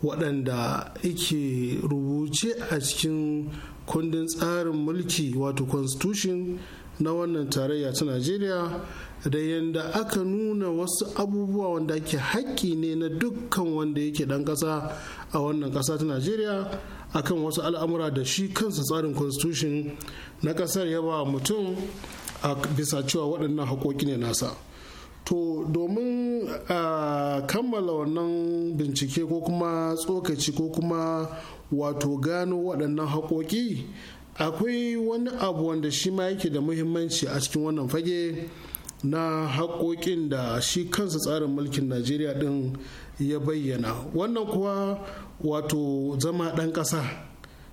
waɗanda yake rubuce a cikin kundin tsarin mulki wato constitution na wannan tarayya ta najeriya da yadda aka nuna wasu abubuwa wanda ake haƙƙi ne na dukkan wanda yake ɗan ƙasa a wannan ƙasa ta najeriya akan wasu al'amura da shi kansa tsarin constitution na ƙasar ya ba mutum a bisa cewa waɗannan haƙoƙi ne nasa to domin a kammala wannan bincike ko kuma tsokaci ko kuma wato gano waɗannan haƙoƙi akwai wani abu wanda shi ma yake da muhimmanci a cikin wannan fage na haƙoƙin da shi kansa tsarin mulkin najeriya ɗin ya bayyana wannan kuwa wato zama ɗan ƙasa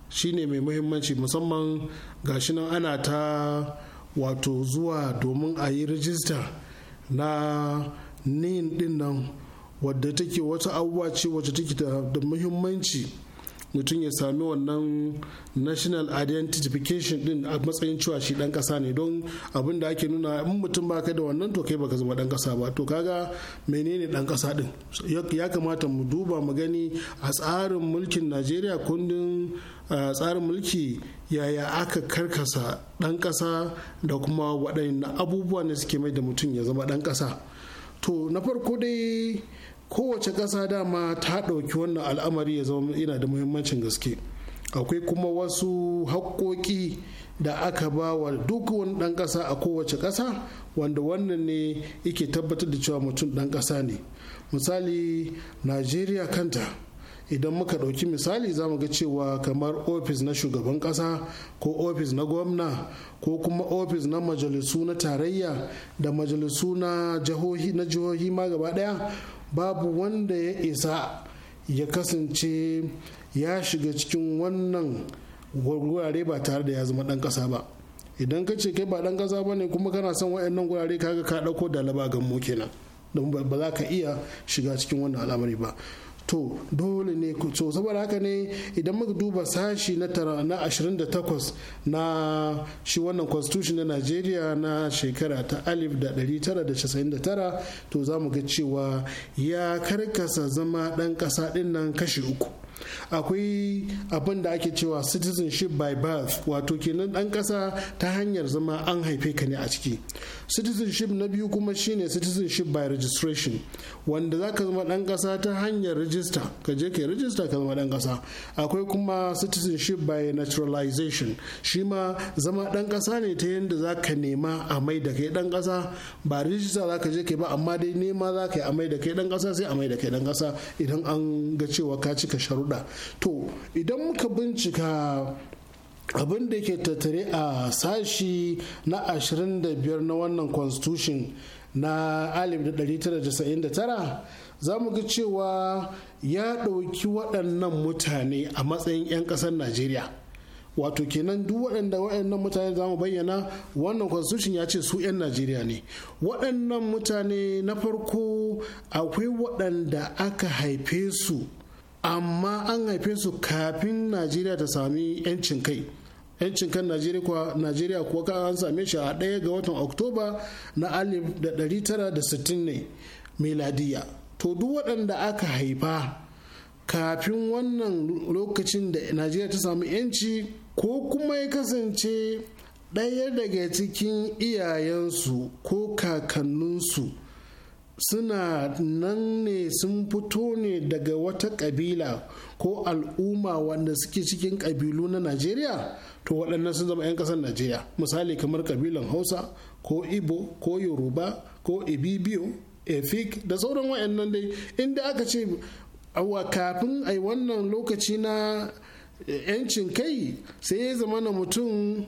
shi ne mai muhimmanci musamman ga shi nan ana ta wato zuwa domin a yi rijista na nin ɗin nan wadda take wata abubuwa ce wacce take da muhimmanci mutum ya sami wannan national identification din a matsayin cewa shi dan kasa ne don abin da ake nuna in mutum ba baka da wannan to kai baka zama dan kasa ba to kaga menene dan kasa din ya kamata mu duba mu gani a tsarin mulkin Najeriya kundin tsarin mulki yaya aka karkasa dan kasa da kuma waɗannan abubuwa ne suke mai da mutum ya zama dan kasa to na farko dai kowace ƙasa dama ta ɗauki wannan al'amari ya zama yana da muhimmancin gaske akwai kuma wasu haƙoƙi da aka ba wa duk wani ɗan ƙasa a kowace ƙasa wanda wannan ne yake tabbatar da cewa mutum ɗan ƙasa ne misali najeriya kanta idan muka ɗauki misali za mu ga cewa kamar ofis na shugaban ƙasa ko ofis na gwamna ko kuma ofis na majalisu na tarayya da majalisu na jihohi ma gaba ɗaya babu wanda ya isa ya kasance ya shiga cikin wannan wurare ba tare da ya zama dan kasa ba idan ka ce kai ba dan kasa ba ne kuma kana son wa'annan wurare kaga ka ɗauko da laba gammo kenan don ba za ka iya shiga cikin wannan al'amari ba to dole ne ku so saboda haka ne idan muka duba sashi na 28 na shi wannan constitution na Najeriya na shekara ta alif da 1999 to za mu ga cewa ya karkasa zama ɗan ƙasa ɗinnan nan kashi uku akwai abin da ake cewa citizenship by birth wato kenan ɗan ƙasa ta hanyar zama an haife ka ne a ciki citizenship na biyu kuma shine citizenship by registration wanda za ka zama dan kasa ta hanyar rijista ka je ka rijista ka zama dan kasa akwai kuma citizenship by naturalization shi ma zama dan kasa ne ta yadda za ka nema a mai da kai dan kasa. ba rijista za ka je ka ba amma dai nema za ka yi a mai da kai dan kasa sai a mai da kai dan kasa idan an ga cewa ka cika sharuɗa to idan muka bincika abin da ke tattare a sashi na 25 na wannan constitution na 1999 za mu ga cewa ya ɗauki waɗannan mutane a matsayin 'yan ƙasar najeriya wato kenan duk waɗanda waɗannan mutane za mu bayyana wannan constitution ya ce su 'yan najeriya ne waɗannan mutane na farko akwai waɗanda aka haife su amma an haife su kafin najeriya ta sami 'yancin kai yancin kan najeriya kuwa ka an same shi a ɗaya ga watan oktoba na 1960 da ne meladiya to duk waɗanda aka haifa kafin wannan lokacin da najeriya ta samu yanci ko kuma ya kasance ɗaya daga cikin iyayensu ko kakanninsu suna nan ne sun fito ne daga wata kabila ko al'umma wanda suke cikin kabilu na najeriya to waɗannan sun zama 'yan ƙasar najeriya misali kamar kabilan hausa ko ibo ko yoruba ko ibibio efik da sauran waɗannan dai inda aka ce awa kafin a wannan lokaci na 'yancin kai sai ya zama na mutum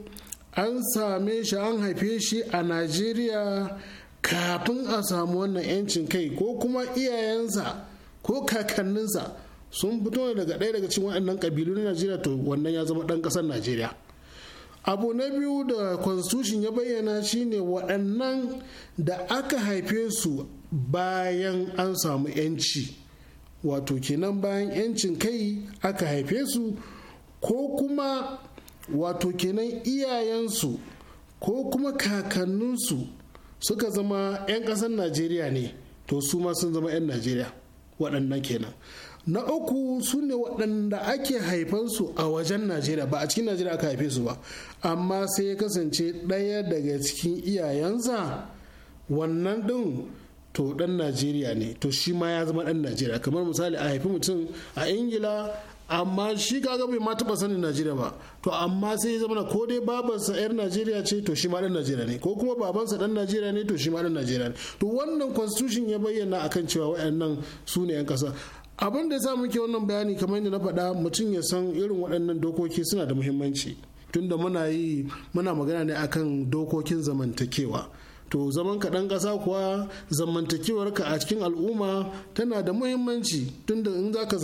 an same shi an haife shi a najeriya kafin a samu wannan 'yancin kai ko kuma iyayensa ko kakanninsa sun fito daga ɗaya daga cikin waɗannan ƙabilu na najeriya to wannan ya zama ɗan ƙasar najeriya abu na biyu da constitution ya bayyana shine waɗannan da aka haife su bayan an samu 'yanci wato kenan bayan 'yancin kai aka haife su ko kuma wato kenan iyayensu ko kuma kakanninsu suka zama 'yan ƙasar najeriya ne to su ma sun zama 'yan najeriya waɗannan kenan na uku su ne waɗanda ake haifansu a wajen najeriya ba a cikin najeriya aka haife su ba amma sai ya kasance ɗaya daga cikin iyayensa wannan ɗin to ɗan najeriya ne to shi ma ya zama ɗan najeriya kamar misali a haifi mutum a ingila amma shi kaga bai ma taba sanin najeriya ba to amma sai ya zama ko dai babansa yar najeriya ce to shi ma dan najeriya ne ko kuma babansa dan najeriya ne to shi ma dan najeriya ne to wannan constitution ya bayyana akan cewa wayannan su ne yan kasa abin da ya sa muke wannan bayani kamar yadda na faɗa mutum ya san irin waɗannan dokoki suna da muhimmanci tunda muna yi muna magana ne akan dokokin zamantakewa to zaman ka dan kasa kuwa zamantakewar ka a cikin al'umma tana da muhimmanci tunda in za ka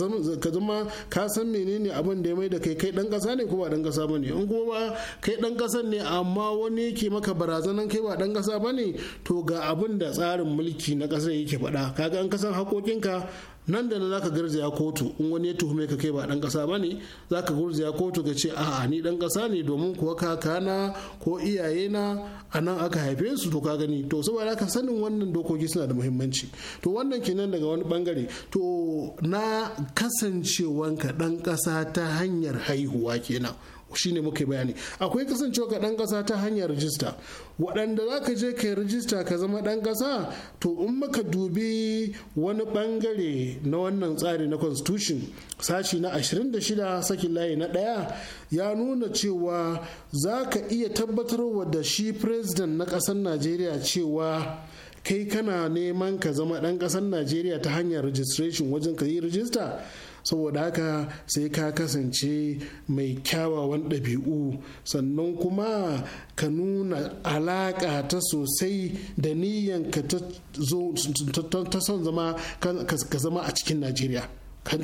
zama ka san menene abin da ya mai da kai kai dan kasa ne ko ba dan kasa ne? in kuma ba kai dan ƙasan ne amma wani yake maka barazanan kai ba dan kasa ne? to ga abin da tsarin mulki na kasar yake faɗa kaga an kasan haƙoƙinka nan da nan zaka garzaya kotu in wani ya tuhume ka kai ba dan kasa bane zaka garzaya kotu ka ce a'a ni dan kasa ne domin kuwa kakana ko iyaye na nan aka haife su to ka gani to saboda ka sanin wannan dokoki suna da muhimmanci to wannan kenan daga wani bangare to na kasancewanka dan kasa ta hanyar haihuwa kenan shine bayani akwai kasancewa ka dan kasa ta hanyar rijista waɗanda za ka je ka rijista ka zama dan kasa to in maka dubi wani bangare na wannan tsari na constitution sashi na 26 sakin layi na ɗaya ya nuna cewa za ka iya tabbatarwa da shi president na ƙasar najeriya cewa kai kana neman ka zama ɗan ƙasar najeriya ta hanyar registration wajen ka yi rijista saboda haka sai ka kasance mai kyawawan ɗabi'u sannan kuma ka nuna alaƙa ta sosai da niyan ka ta son zama ka zama a cikin najeriya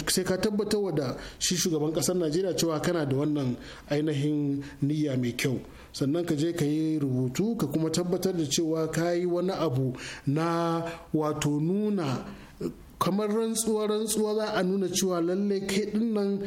sai ka tabbatar da shi shugaban ƙasar najeriya cewa kana da wannan ainihin niyya mai kyau sannan ka je ka yi rubutu ka kuma tabbatar da cewa ka yi wani abu na wato nuna kamar rantsuwa rantsuwa za a nuna cewa lallai kai nan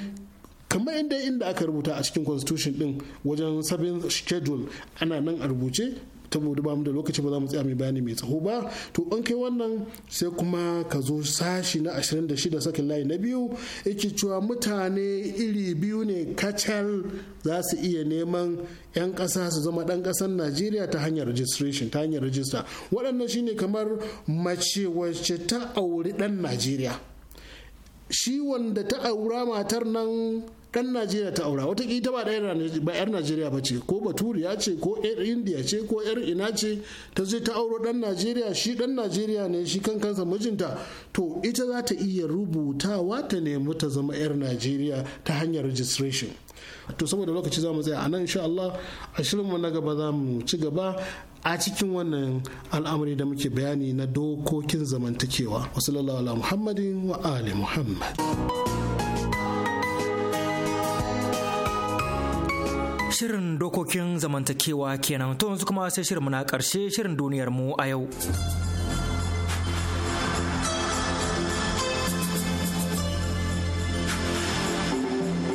kamar inda inda aka rubuta a cikin constitution din wajen sabin schedule ana nan a rubuce mu ba mu da lokaci ba za mu tsaya mai bayani mai tsaho ba to an kai wannan sai kuma ka zo sashi na 26 sakin layi na biyu yake cewa mutane iri biyu ne kacal za su iya neman 'yan ƙasa su zama ɗan ƙasar najeriya ta hanyar registration ta hanyar rajista waɗannan shine kamar mace wacce ta auri ɗan najeriya shi wanda ta aura matar nan Ɗan najeriya ta aura wata ita ba yar najeriya ba ce ko baturiya ce ko yar indiya ce ko yar ina ce ta je ta auro ɗan najeriya shi dan najeriya ne shi kan kansa mijinta to ita za ta iya rubutawa ta nemi ta zama yar najeriya ta hanyar registration to saboda lokaci za mu tsaya a nan insha Allah a mu na gaba za mu ci gaba a cikin wannan al'amari da muke bayani na dokokin zamantakewa wasu ala muhammadin wa ali muhammad Shirin dokokin zamantakewa kenan to yanzu kuma sai shirin na karshe shirin duniyar mu a yau.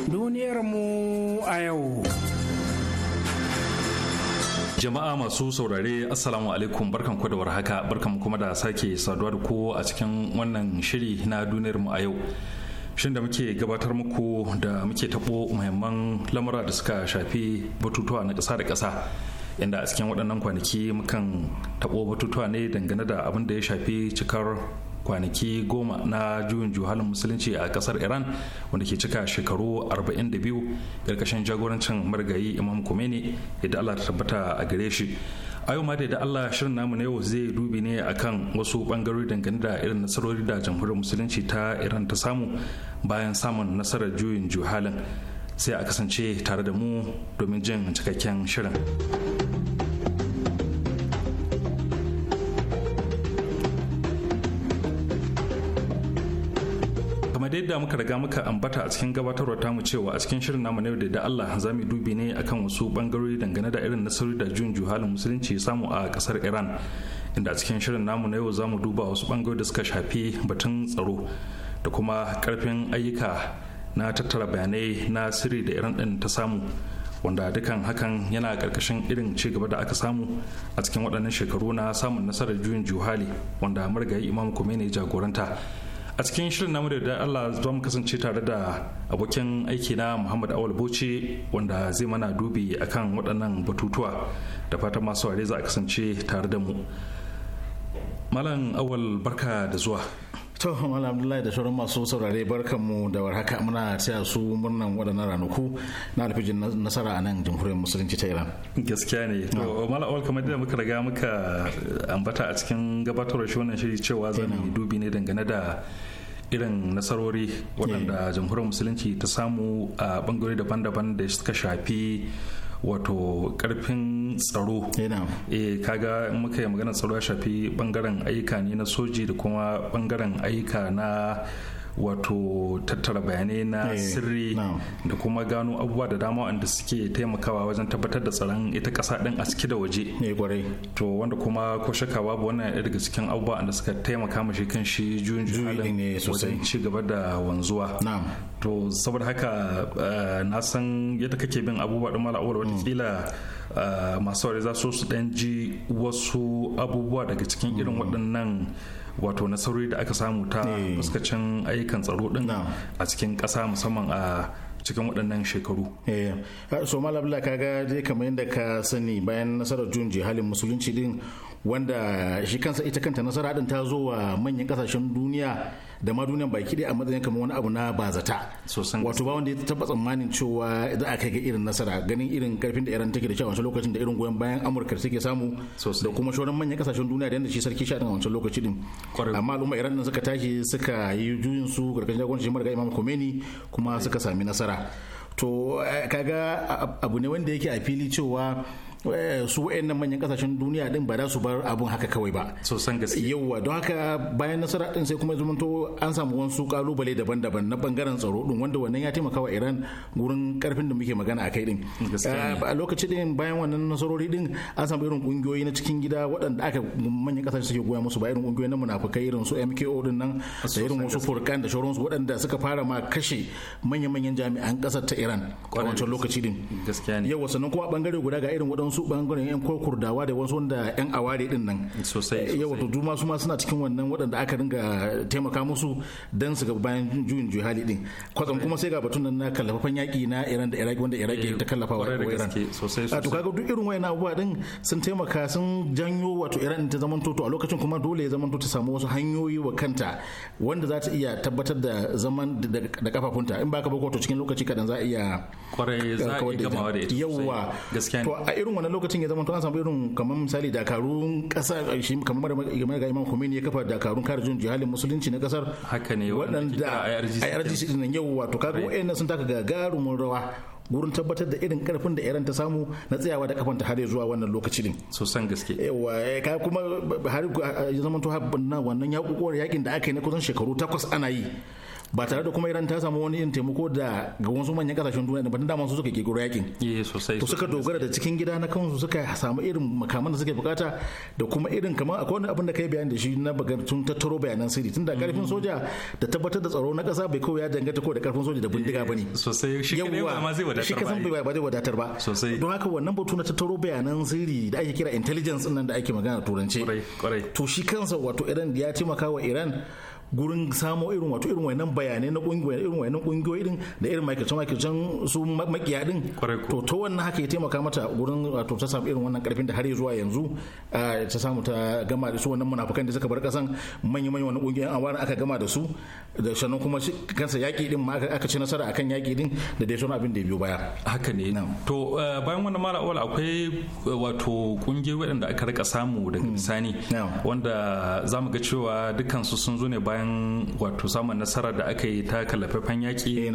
Duniyar mu a yau. Jama'a masu saurare Assalamu alaikum barkan ku da warhaka barkan kuma da sake saduwa da ku a cikin wannan shiri na duniyar mu a yau. shin da muke gabatar muku da muke tabo muhimman lamura da suka shafi batutuwa na ƙasa da ƙasa inda a cikin waɗannan kwanaki mukan tabo batutuwa ne dangane da abin da ya shafi cikar kwanaki goma na juyin juhalin musulunci a ƙasar iran wanda ke cika shekaru 42 ƙarƙashin jagorancin marigayi imam khomeini idan allah ta tabbata a gare shi a yau ma da Allah shirin namu na yau zai dubi ne akan wasu bangarori dangane da irin nasarori da jamhuriyar musulunci ta Iran ta samu bayan samun nasarar juyin juhalin sai a kasance tare da mu domin jin cikakken shirin. yadda muka riga muka ambata a cikin gabatarwa ta cewa a cikin shirin namu na yau da Allah za mu dubi ne akan wasu bangarori dangane da irin nasarori da juyin juhalin musulunci samu a kasar Iran inda a cikin shirin namu na yau za mu duba wasu bangarori da suka shafi batun tsaro da kuma karfin ayyuka na tattara bayanai na sirri da Iran din ta samu wanda dukan hakan yana karkashin irin ci gaba da aka samu a cikin waɗannan shekaru na samun nasarar juyin juhali wanda marigayi imam ne jagoranta a cikin shirin namu da Allah zuwa mu kasance tare da abokin aiki na Muhammad Awal Bauchi wanda zai mana dubi akan waɗannan batutuwa da fatan masu ware za a kasance tare da mu Malam Awal barka da zuwa To, Malam Abdullahi da shirin masu saurare mu da warhaka muna taya su murnan waɗannan ranaku na alfijin nasara a nan jamhuriyar musulunci ta Iran. Gaskiya ne. To, Malam Awal kamar da muka riga muka ambata a cikin gabatarwar shi wannan shiri cewa zan eh, dubi ne dangane da irin nasarori waɗanda eh. jamhuriyar musulunci ta samu a bangare daban-daban da suka shafi wato ƙarfin tsaro e eh, eh, kaga in muka yi magana tsaro ya shafi ɓangaren ayyuka ne na soji da kuma ɓangaren ayyuka na wato tattara bayanai na eh, sirri da kuma gano abubuwa da dama wanda suke taimakawa wajen tabbatar da tsaron ita kasa din a ciki da waje eh, to wanda kuma ko shaka babu wannan ɗaya daga cikin abubuwa da suka taimaka mashi kan shi juyin juyin wajen ci gaba da wanzuwa to saboda haka eh, na san yadda kake bin abubuwa din mala awar wata mm. kila masu aure za su dan ji wasu abubuwa daga cikin irin mm. waɗannan wato nasarori da aka samu ta eh. fuskacin ayyukan tsaro din a cikin ƙasa musamman a cikin waɗannan shekaru. Eh. so malabla ga dai kamar yadda ka sani bayan nasarar jun halin musulunci din wanda shi kansa ita kanta nasara din ta zo wa manyan ƙasashen duniya da ma duniyan baki dai a matsayin kamar wani abu na bazata wato ba wanda ya taba tsammanin cewa za a kai ga irin nasara ganin irin karfin da iran take da shi a wancan lokacin da irin goyon bayan amurka take samu da kuma shoran manyan kasashen duniya da yadda shi sarki sha a wancan lokaci din amma al'umma iran din suka tashi suka yi juyin su karkashin jagorancin marigayi imam khomeini kuma suka sami nasara to eh, kaga abu ne wanda yake a fili cewa Eh, su wayannan manyan kasashen duniya din ba za su bar abun haka kawai ba sosan gaske yawa don haka bayan nasara din sai kuma zumunto an samu wasu kalubale daban-daban na bangaren tsaro din wanda wannan ya taimaka wa Iran gurin karfin da muke magana akai din eh, a lokacin din bayan wannan nasarori din an samu irin kungiyoyi na cikin gida waɗanda aka manyan kasashe suke goya musu ba irin kungiyoyi na munafukai irin su MKO din nan da irin wasu furkan da su waɗanda suka fara ma kashe manya-manyan jami'an ƙasar ta Iran a wancan lokaci din yawa sannan kuma bangare guda ga irin waɗansu wasu bangaren yan kurdawa da wasu wanda yan aware din nan sosai eh, yawa to duma su ma suna cikin wannan waɗanda aka ringa taimaka musu dan su ga bayan juyin juhali din kwatsam kuma sai ga batun nan na kallafafan yaki na Iran da Iraki wanda Iraki eh, ta kallafa wa Iran a ah, to kaga duk irin wayan abubuwa din sun taimaka sun janyo wato Iran ta zaman toto a lokacin kuma dole ya zamanto ta samu wasu hanyoyi wa kanta wanda za ta iya tabbatar da zaman da kafafunta in ba ka ba to cikin lokaci kadan za a iya kwarai za a iya gamawa da ita yawa to a irin wannan lokacin ya zama tunan an samu irin kamar misali dakarun kasar eh, shi kamar game ga Imam Khomeini ya kafa dakarun kare jin jihalin musulunci na kasar haka ne waɗanda IRGC din yau wato kaga wayannan sun taka gagarumin rawa wurin tabbatar da irin karfin da Iran ta samu na tsayawa da kafanta har zuwa wannan lokaci din. So san gaske. Yawa eh, ka kuma har eh, ya zama to na wannan yakukuwar yakin da aka yi na kusan shekaru takwas ana yi. ba tare da kuma iran ta samu wani irin taimako da ga wasu manyan kasashen duniya ba dama su suka kekiro yakin eh, to suka dogara da cikin gida na kansu suka samu irin makaman da suke bukata da kuma irin kamar akwai wani abin da kai bayani da shi na tun tattaro bayanan sirri Tunda karfin mm-hmm. soja da tabbatar da tsaro na kasa bai kawai ya danganta ko da karfin soja da bindiga bane eh, sosai shi kadai ba ma zai wadatar ba shi kasan bai eh. ba zai wadatar ba sosai don haka wannan batu na tattaro bayanan sirri da ake kira intelligence nan da ake magana turance to shi kansa wato iran ya taimaka wa iran gurin samo irin wato irin wayannan bayanai na kungiyoyi irin wayannan kungiyoyi din da irin ma'aikatan ma'aikatan su makiya din to to wannan haka ya taimaka mata gurin wato ta samu irin wannan karfin da har zuwa yanzu ta samu ta gama da su wannan munafukan da suka bar kasan manya manyan wannan kungiyoyin awara aka gama da su da sannan kuma kansa yaki din ma aka ci nasara akan yaki din da dai sauran abin da ya biyo baya haka ne to eh, bayan wannan mara awal akwai eh, wato kungiyoyi wadanda aka rika samu daga hmm. bisani wanda zamu ga cewa dukkan su sun zo ne bayan bayan wato samun nasarar da aka yi ta kalafafen yaƙi eh,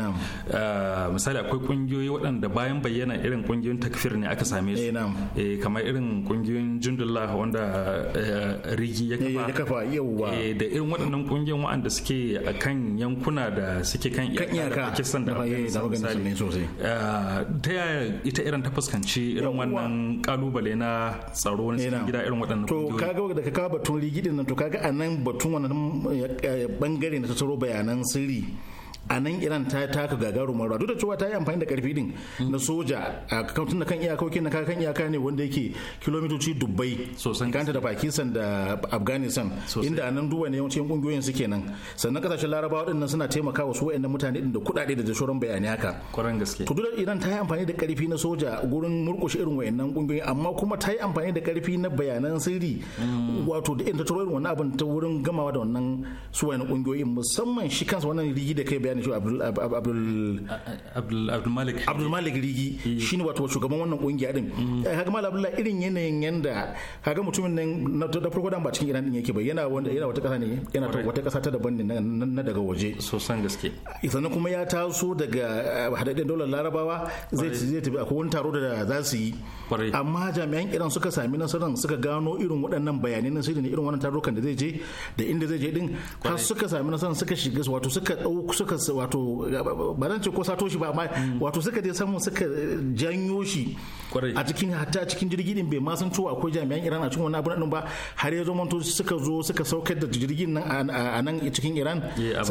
ah, misali akwai ƙungiyoyi waɗanda bayan bayyana irin ƙungiyoyin takfir ne aka same su eh, eh, kamar irin ƙungiyoyin jundullah wanda rigi ya kafa da irin waɗannan ƙungiyoyin waɗanda suke a kan yankuna da suke kan iyaka pakistan da misali ah, ta yaya ita irin ta fuskanci irin wannan kalubale na tsaro na gida irin waɗannan to kaga da ka kawo batun rigidin nan to kaga a batun wannan bangare na tattaro bayanan sirri a nan iran ta taka gagarumar rawa duk da cewa ta yi amfani da karfi din mm. na soja a kan kan iyakokin na kakan iyaka ne wanda yake kilomitoci dubbai kanta da pakistan da afghanistan inda a nan duba ne yan kungiyoyin su kenan sannan kasashen larabawa din nan suna taimakawa su wayannan mutane din da kudade da shoran bayani haka kwaran gaske to duk da iran ta yi amfani da karfi na soja gurin murkushe irin wayannan kungiyoyin amma kuma ta yi amfani da karfi na bayanan sirri mm. wato da in ta turo irin wannan abin ta wurin gamawa da wannan su wayannan kungiyoyin musamman shi kansa wannan rigi da kai bayan ne shi abdul abdul malik abdul malik rigi eh. shine wato shugaban wannan kungiya din mm. eh, haka malam abdullahi irin yanayin yanda haka mutumin nan da farko da ba cikin iran din yake ba yana wanda yana wata kasa ne yana wata kasa ta daban ne na daga waje sosan gaske eh, sannan kuma ya taso daga hadaddin daular larabawa zai zai tafi akwai wani taro da za su yi amma jami'an iran suka sami nasarar suka gano irin waɗannan bayanai na sirri ne irin wannan tarukan da zai je da inda zai je din har suka sami nasarar suka shiga wato suka suka wato ba zan ce ko sato shi ba amma wato suka je samu suka janyo shi a cikin hatta cikin jirgin din bai ma san cewa akwai jami'an Iran a cikin wannan abun din ba har ya zo manto suka zo suka saukar da jirgin nan a nan cikin Iran eh, a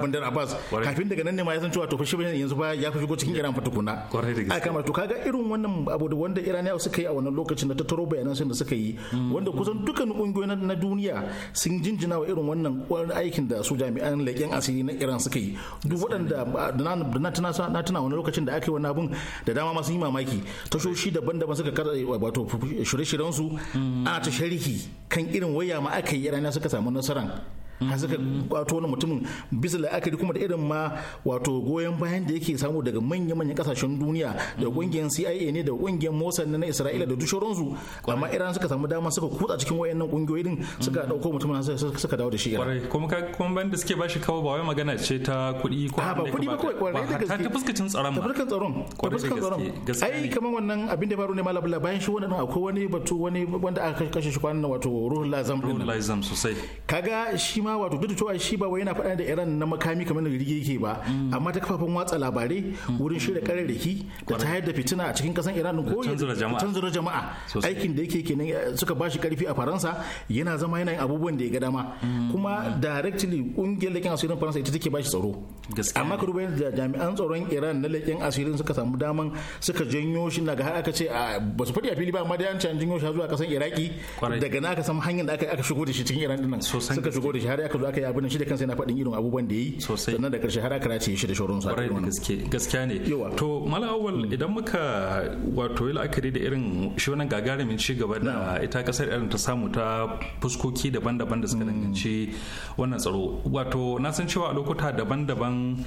bandar Abbas kafin daga nan ne ma ya san cewa to shi yanzu ba ya fi go cikin Iran fa tukuna a kama to kaga irin wannan abu da wanda ya suka yi a wannan lokacin da ta taro bayanan sun da suka yi wanda kusan dukkan kungiyoyi na duniya sun jinjina wa irin wannan aikin da su jami'an leƙen asiri na Iran suka yi duk waɗanda na tuna wani lokacin da aka yi wani abun da dama masu yi mamaki tashoshi daban-daban suka kada eh, wato shirye-shiryensu mm. ana ta shariki kan irin waya ma aka yi rana suka samu nasaran har suka kwato wani mutumin bisa la'akari kuma da irin ma wato goyon bayan da yake samu daga manya-manyan kasashen duniya da kungiyar CIA ne da kungiyar Mossad na Isra'ila da dushoronsu amma Iran suka samu dama suka kutsa cikin wayannan kungiyoyi din suka dauko mm. mutumin suka dawo da shi kwarai kuma ka kuma ban da suke bashi kawo ba wai magana ce ta kuɗi ko ba kuɗi ba kawai kwarai da gaske ta fuskacin tsaron ta fuskacin tsaron ta fuskacin tsaron ai kaman wannan abin da faru ne malam bayan shi wannan akwai wani batu wani wanda aka kashe shi kwanan wato ruhul lazam ruhul lazam sosai kaga shi ma ma wato duk da cewa shi ba wai yana faɗa da Iran na makami kamar da rigirgi yake ba mm. amma ta kafafen watsa labarai mm. wurin shirya karar da da ta da fitina a cikin kasan Iran ko tanzura jama'a aikin da yake kenan eh, suka bashi karfi a Faransa yana zama yana yin abubuwan da ya ga dama mm. kuma directly kungiyar leƙen asirin Faransa ita take bashi tsaro amma ka duba da jami'an tsaron Iran na leƙen asirin suka samu daman suka janyo shi daga har aka ce ba su faɗi a fili ba amma dai an canjin yau shi zuwa kasan Iraki daga na aka samu hanyar da aka shigo da shi cikin Iran dinnan suka shigo da shi har har aka zo aka yi abin shi da kansa yana faɗin irin abubuwan da yi sosai sannan da karshe har aka race shi da shoron sa irin gaske gaskiya ne to malawal idan muka wato yi la'akari da irin shi wannan gagarumin ci gaba da ita kasar irin ta samu ta fuskoki daban-daban da suka hmm. danganci wannan tsaro wato na san cewa a lokuta daban-daban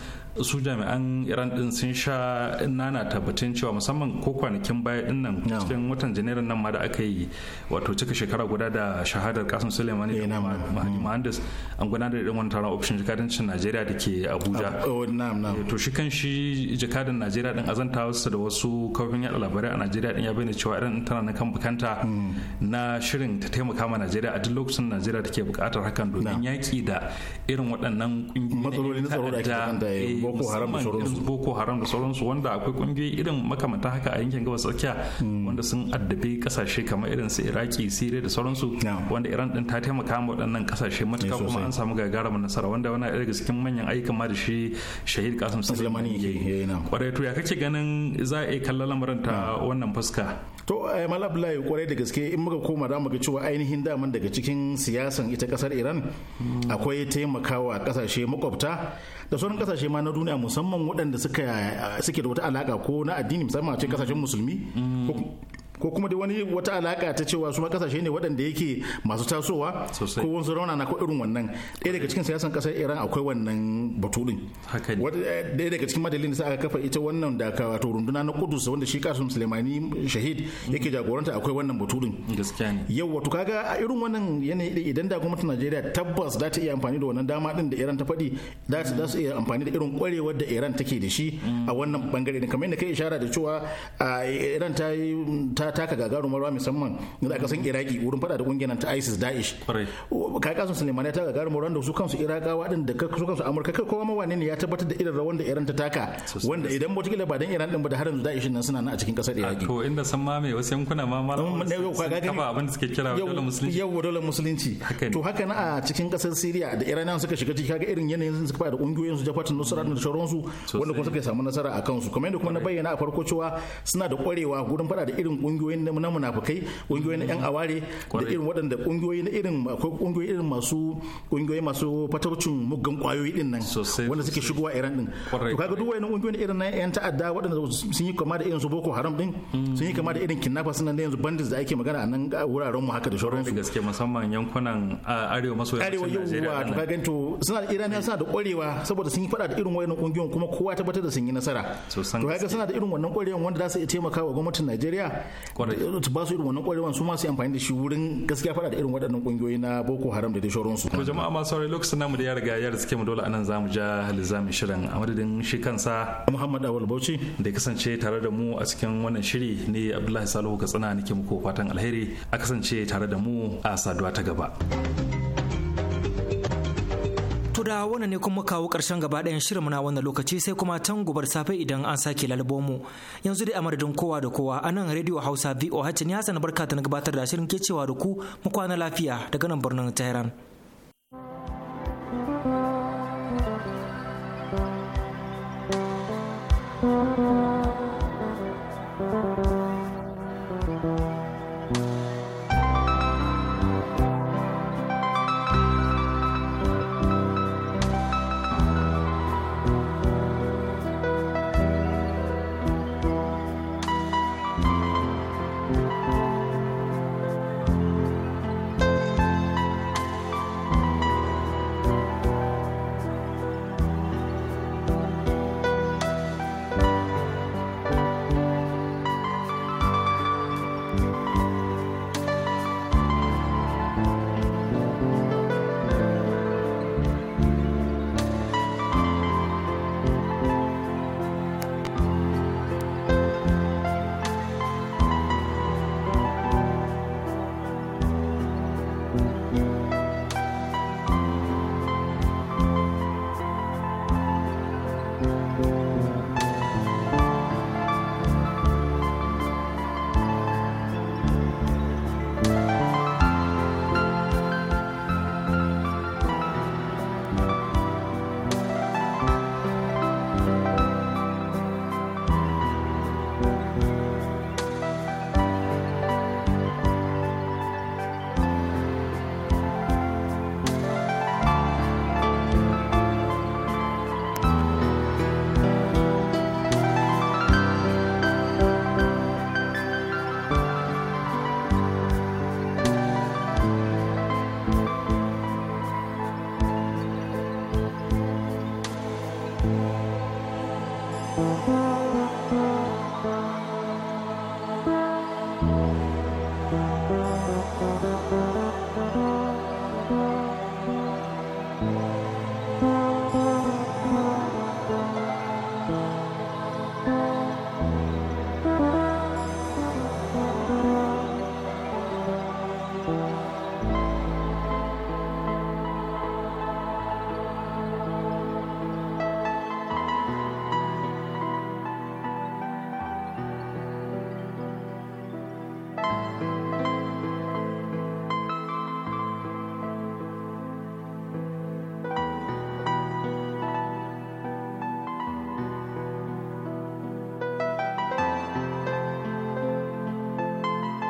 su jami'an iran din sun sha nana tabbatin cewa musamman ko kwanakin baya din nan cikin watan janairun nan ma da aka yi wato cika shekara guda da shahadar kasan suleimani da eh, hmm. muhandis an gudanar da wani taron ofishin jakadancin najeriya da ke abuja ah, oh, eh, to shi kan shi jakadan najeriya din azanta wasu da wasu kafin yada labarai a najeriya din ya bayyana cewa irin tana na kan bukanta hmm. na shirin ta taimaka ma najeriya a duk lokacin najeriya take bukatar hakan domin yaki da irin waɗannan matsaloli na tsaro da eh, eh, boko haram da sauransu boko haram da sauransu wanda akwai kungiyoyi irin makamanta haka a yankin gabas tsakiya hmm. wanda sun addabi kasashe kamar irin su iraki siriya da sauransu wanda iran din ta taimaka ma waɗannan kasashe matuƙa kuma an samu gagarumin nasara wanda wani daga cikin manyan ayyukan ma da shi shahid kasim sulemani yayi eh, kwarai to ya kake ganin za a iya kallon lamarin ta wannan fuska to eh, malab lai kwarai da gaske in muka koma za mu ga cewa ainihin daman daga cikin siyasan ita kasar iran hmm. akwai taimakawa kasashe makwabta da sauran kasashe ma na duniya musamman waɗanda suke da wata alaka ko na addini musamman a cikin kasashen musulmi hmm. ko kuma da wani wata alaka ta cewa su kasashe ne waɗanda yake masu tasowa ko wani rauna na ko irin wannan ɗaya daga cikin siyasan ƙasar iran akwai wannan batulin eh, ɗaya daga cikin madalin da aka kafa ita wannan da wato runduna na kudus wanda shi kasum sulemani shahid yake jagoranta akwai wannan batulin yau wato kaga a irin wannan yanayi idan da gwamnatin najeriya tabbas za ta iya amfani da wannan dama ɗin da iran ta faɗi za su iya amfani da irin kwarewar da iran take da shi a wannan bangare kamar yadda kai ishara da cewa iran ta ta taka gagarumar rawa musamman yanzu aka san iraki wurin fada da kungiyar ta isis daesh ka kasan suleiman ya taka gagarumar rawa da su kansu irakawa din da su kansu amurka kai kowa mawane ne ya tabbatar da irin rawan da iran ta taka wanda idan mutukila ba dan iran din ba da harin da daesh nan suna nan a cikin kasar iraki to inda san mai wasu yankuna ma ma mm, kafa abin da suke kira dole musulunci yau dole musulunci to haka na a cikin kasar syria da nan suka shiga ciki kaga irin yanayin suka fada da kungiyoyin su jafatin nusra da su wanda kuma suka samu nasara a kansu kuma yadda kuma na bayyana a farko cewa suna da kwarewa gurin fada da irin kungiyoyin na munafukai kungiyoyin na yan aware da irin waɗanda kungiyoyi na irin akwai kungiyoyi irin masu kungiyoyi masu fatarcin muggan kwayoyi din nan wanda suke shigowa Iran din to kaga duk wayannan kungiyoyin irin na yan ta'adda waɗanda sun yi kama da irin su Boko Haram din mm. sun yi kama da irin kinnafa suna da yanzu bandits da ake magana a nan wuraren mu haka da su gaske musamman yankunan arewa maso yammacin Najeriya to kaga to suna da Iraniya suna da kwarewa saboda sun yi fada da irin wayannan kungiyoyin kuma kowa tabbatar da sun yi nasara to kaga suna da irin wannan kwarewan wanda za su iya taimaka wa gwamnatin Najeriya ba su irin wannan kwarewan su masu amfani da shi wurin gaskiya fara da irin waɗannan kungiyoyi na boko haram da dai sauransu to jama'a ma sauri lokacin namu da ya riga ya riske mu dole anan mu ja lizamin shirin a madadin shi kansa Muhammad Awal Bauchi da kasance tare da mu a cikin wannan shiri ne Abdullahi Salihu Katsina nake muku fatan alheri a kasance tare da mu a saduwa ta gaba. da wannan ne kuma kawo karshen gaba ɗayan shirin na wannan lokaci sai kuma can gubar safe idan an sake lalbo mu yanzu dai a madadin kowa da kowa a nan radio hausa voh ne hassan barka ta gabatar da shirin ke cewa da ku mu kwana lafiya daga nan birnin tehran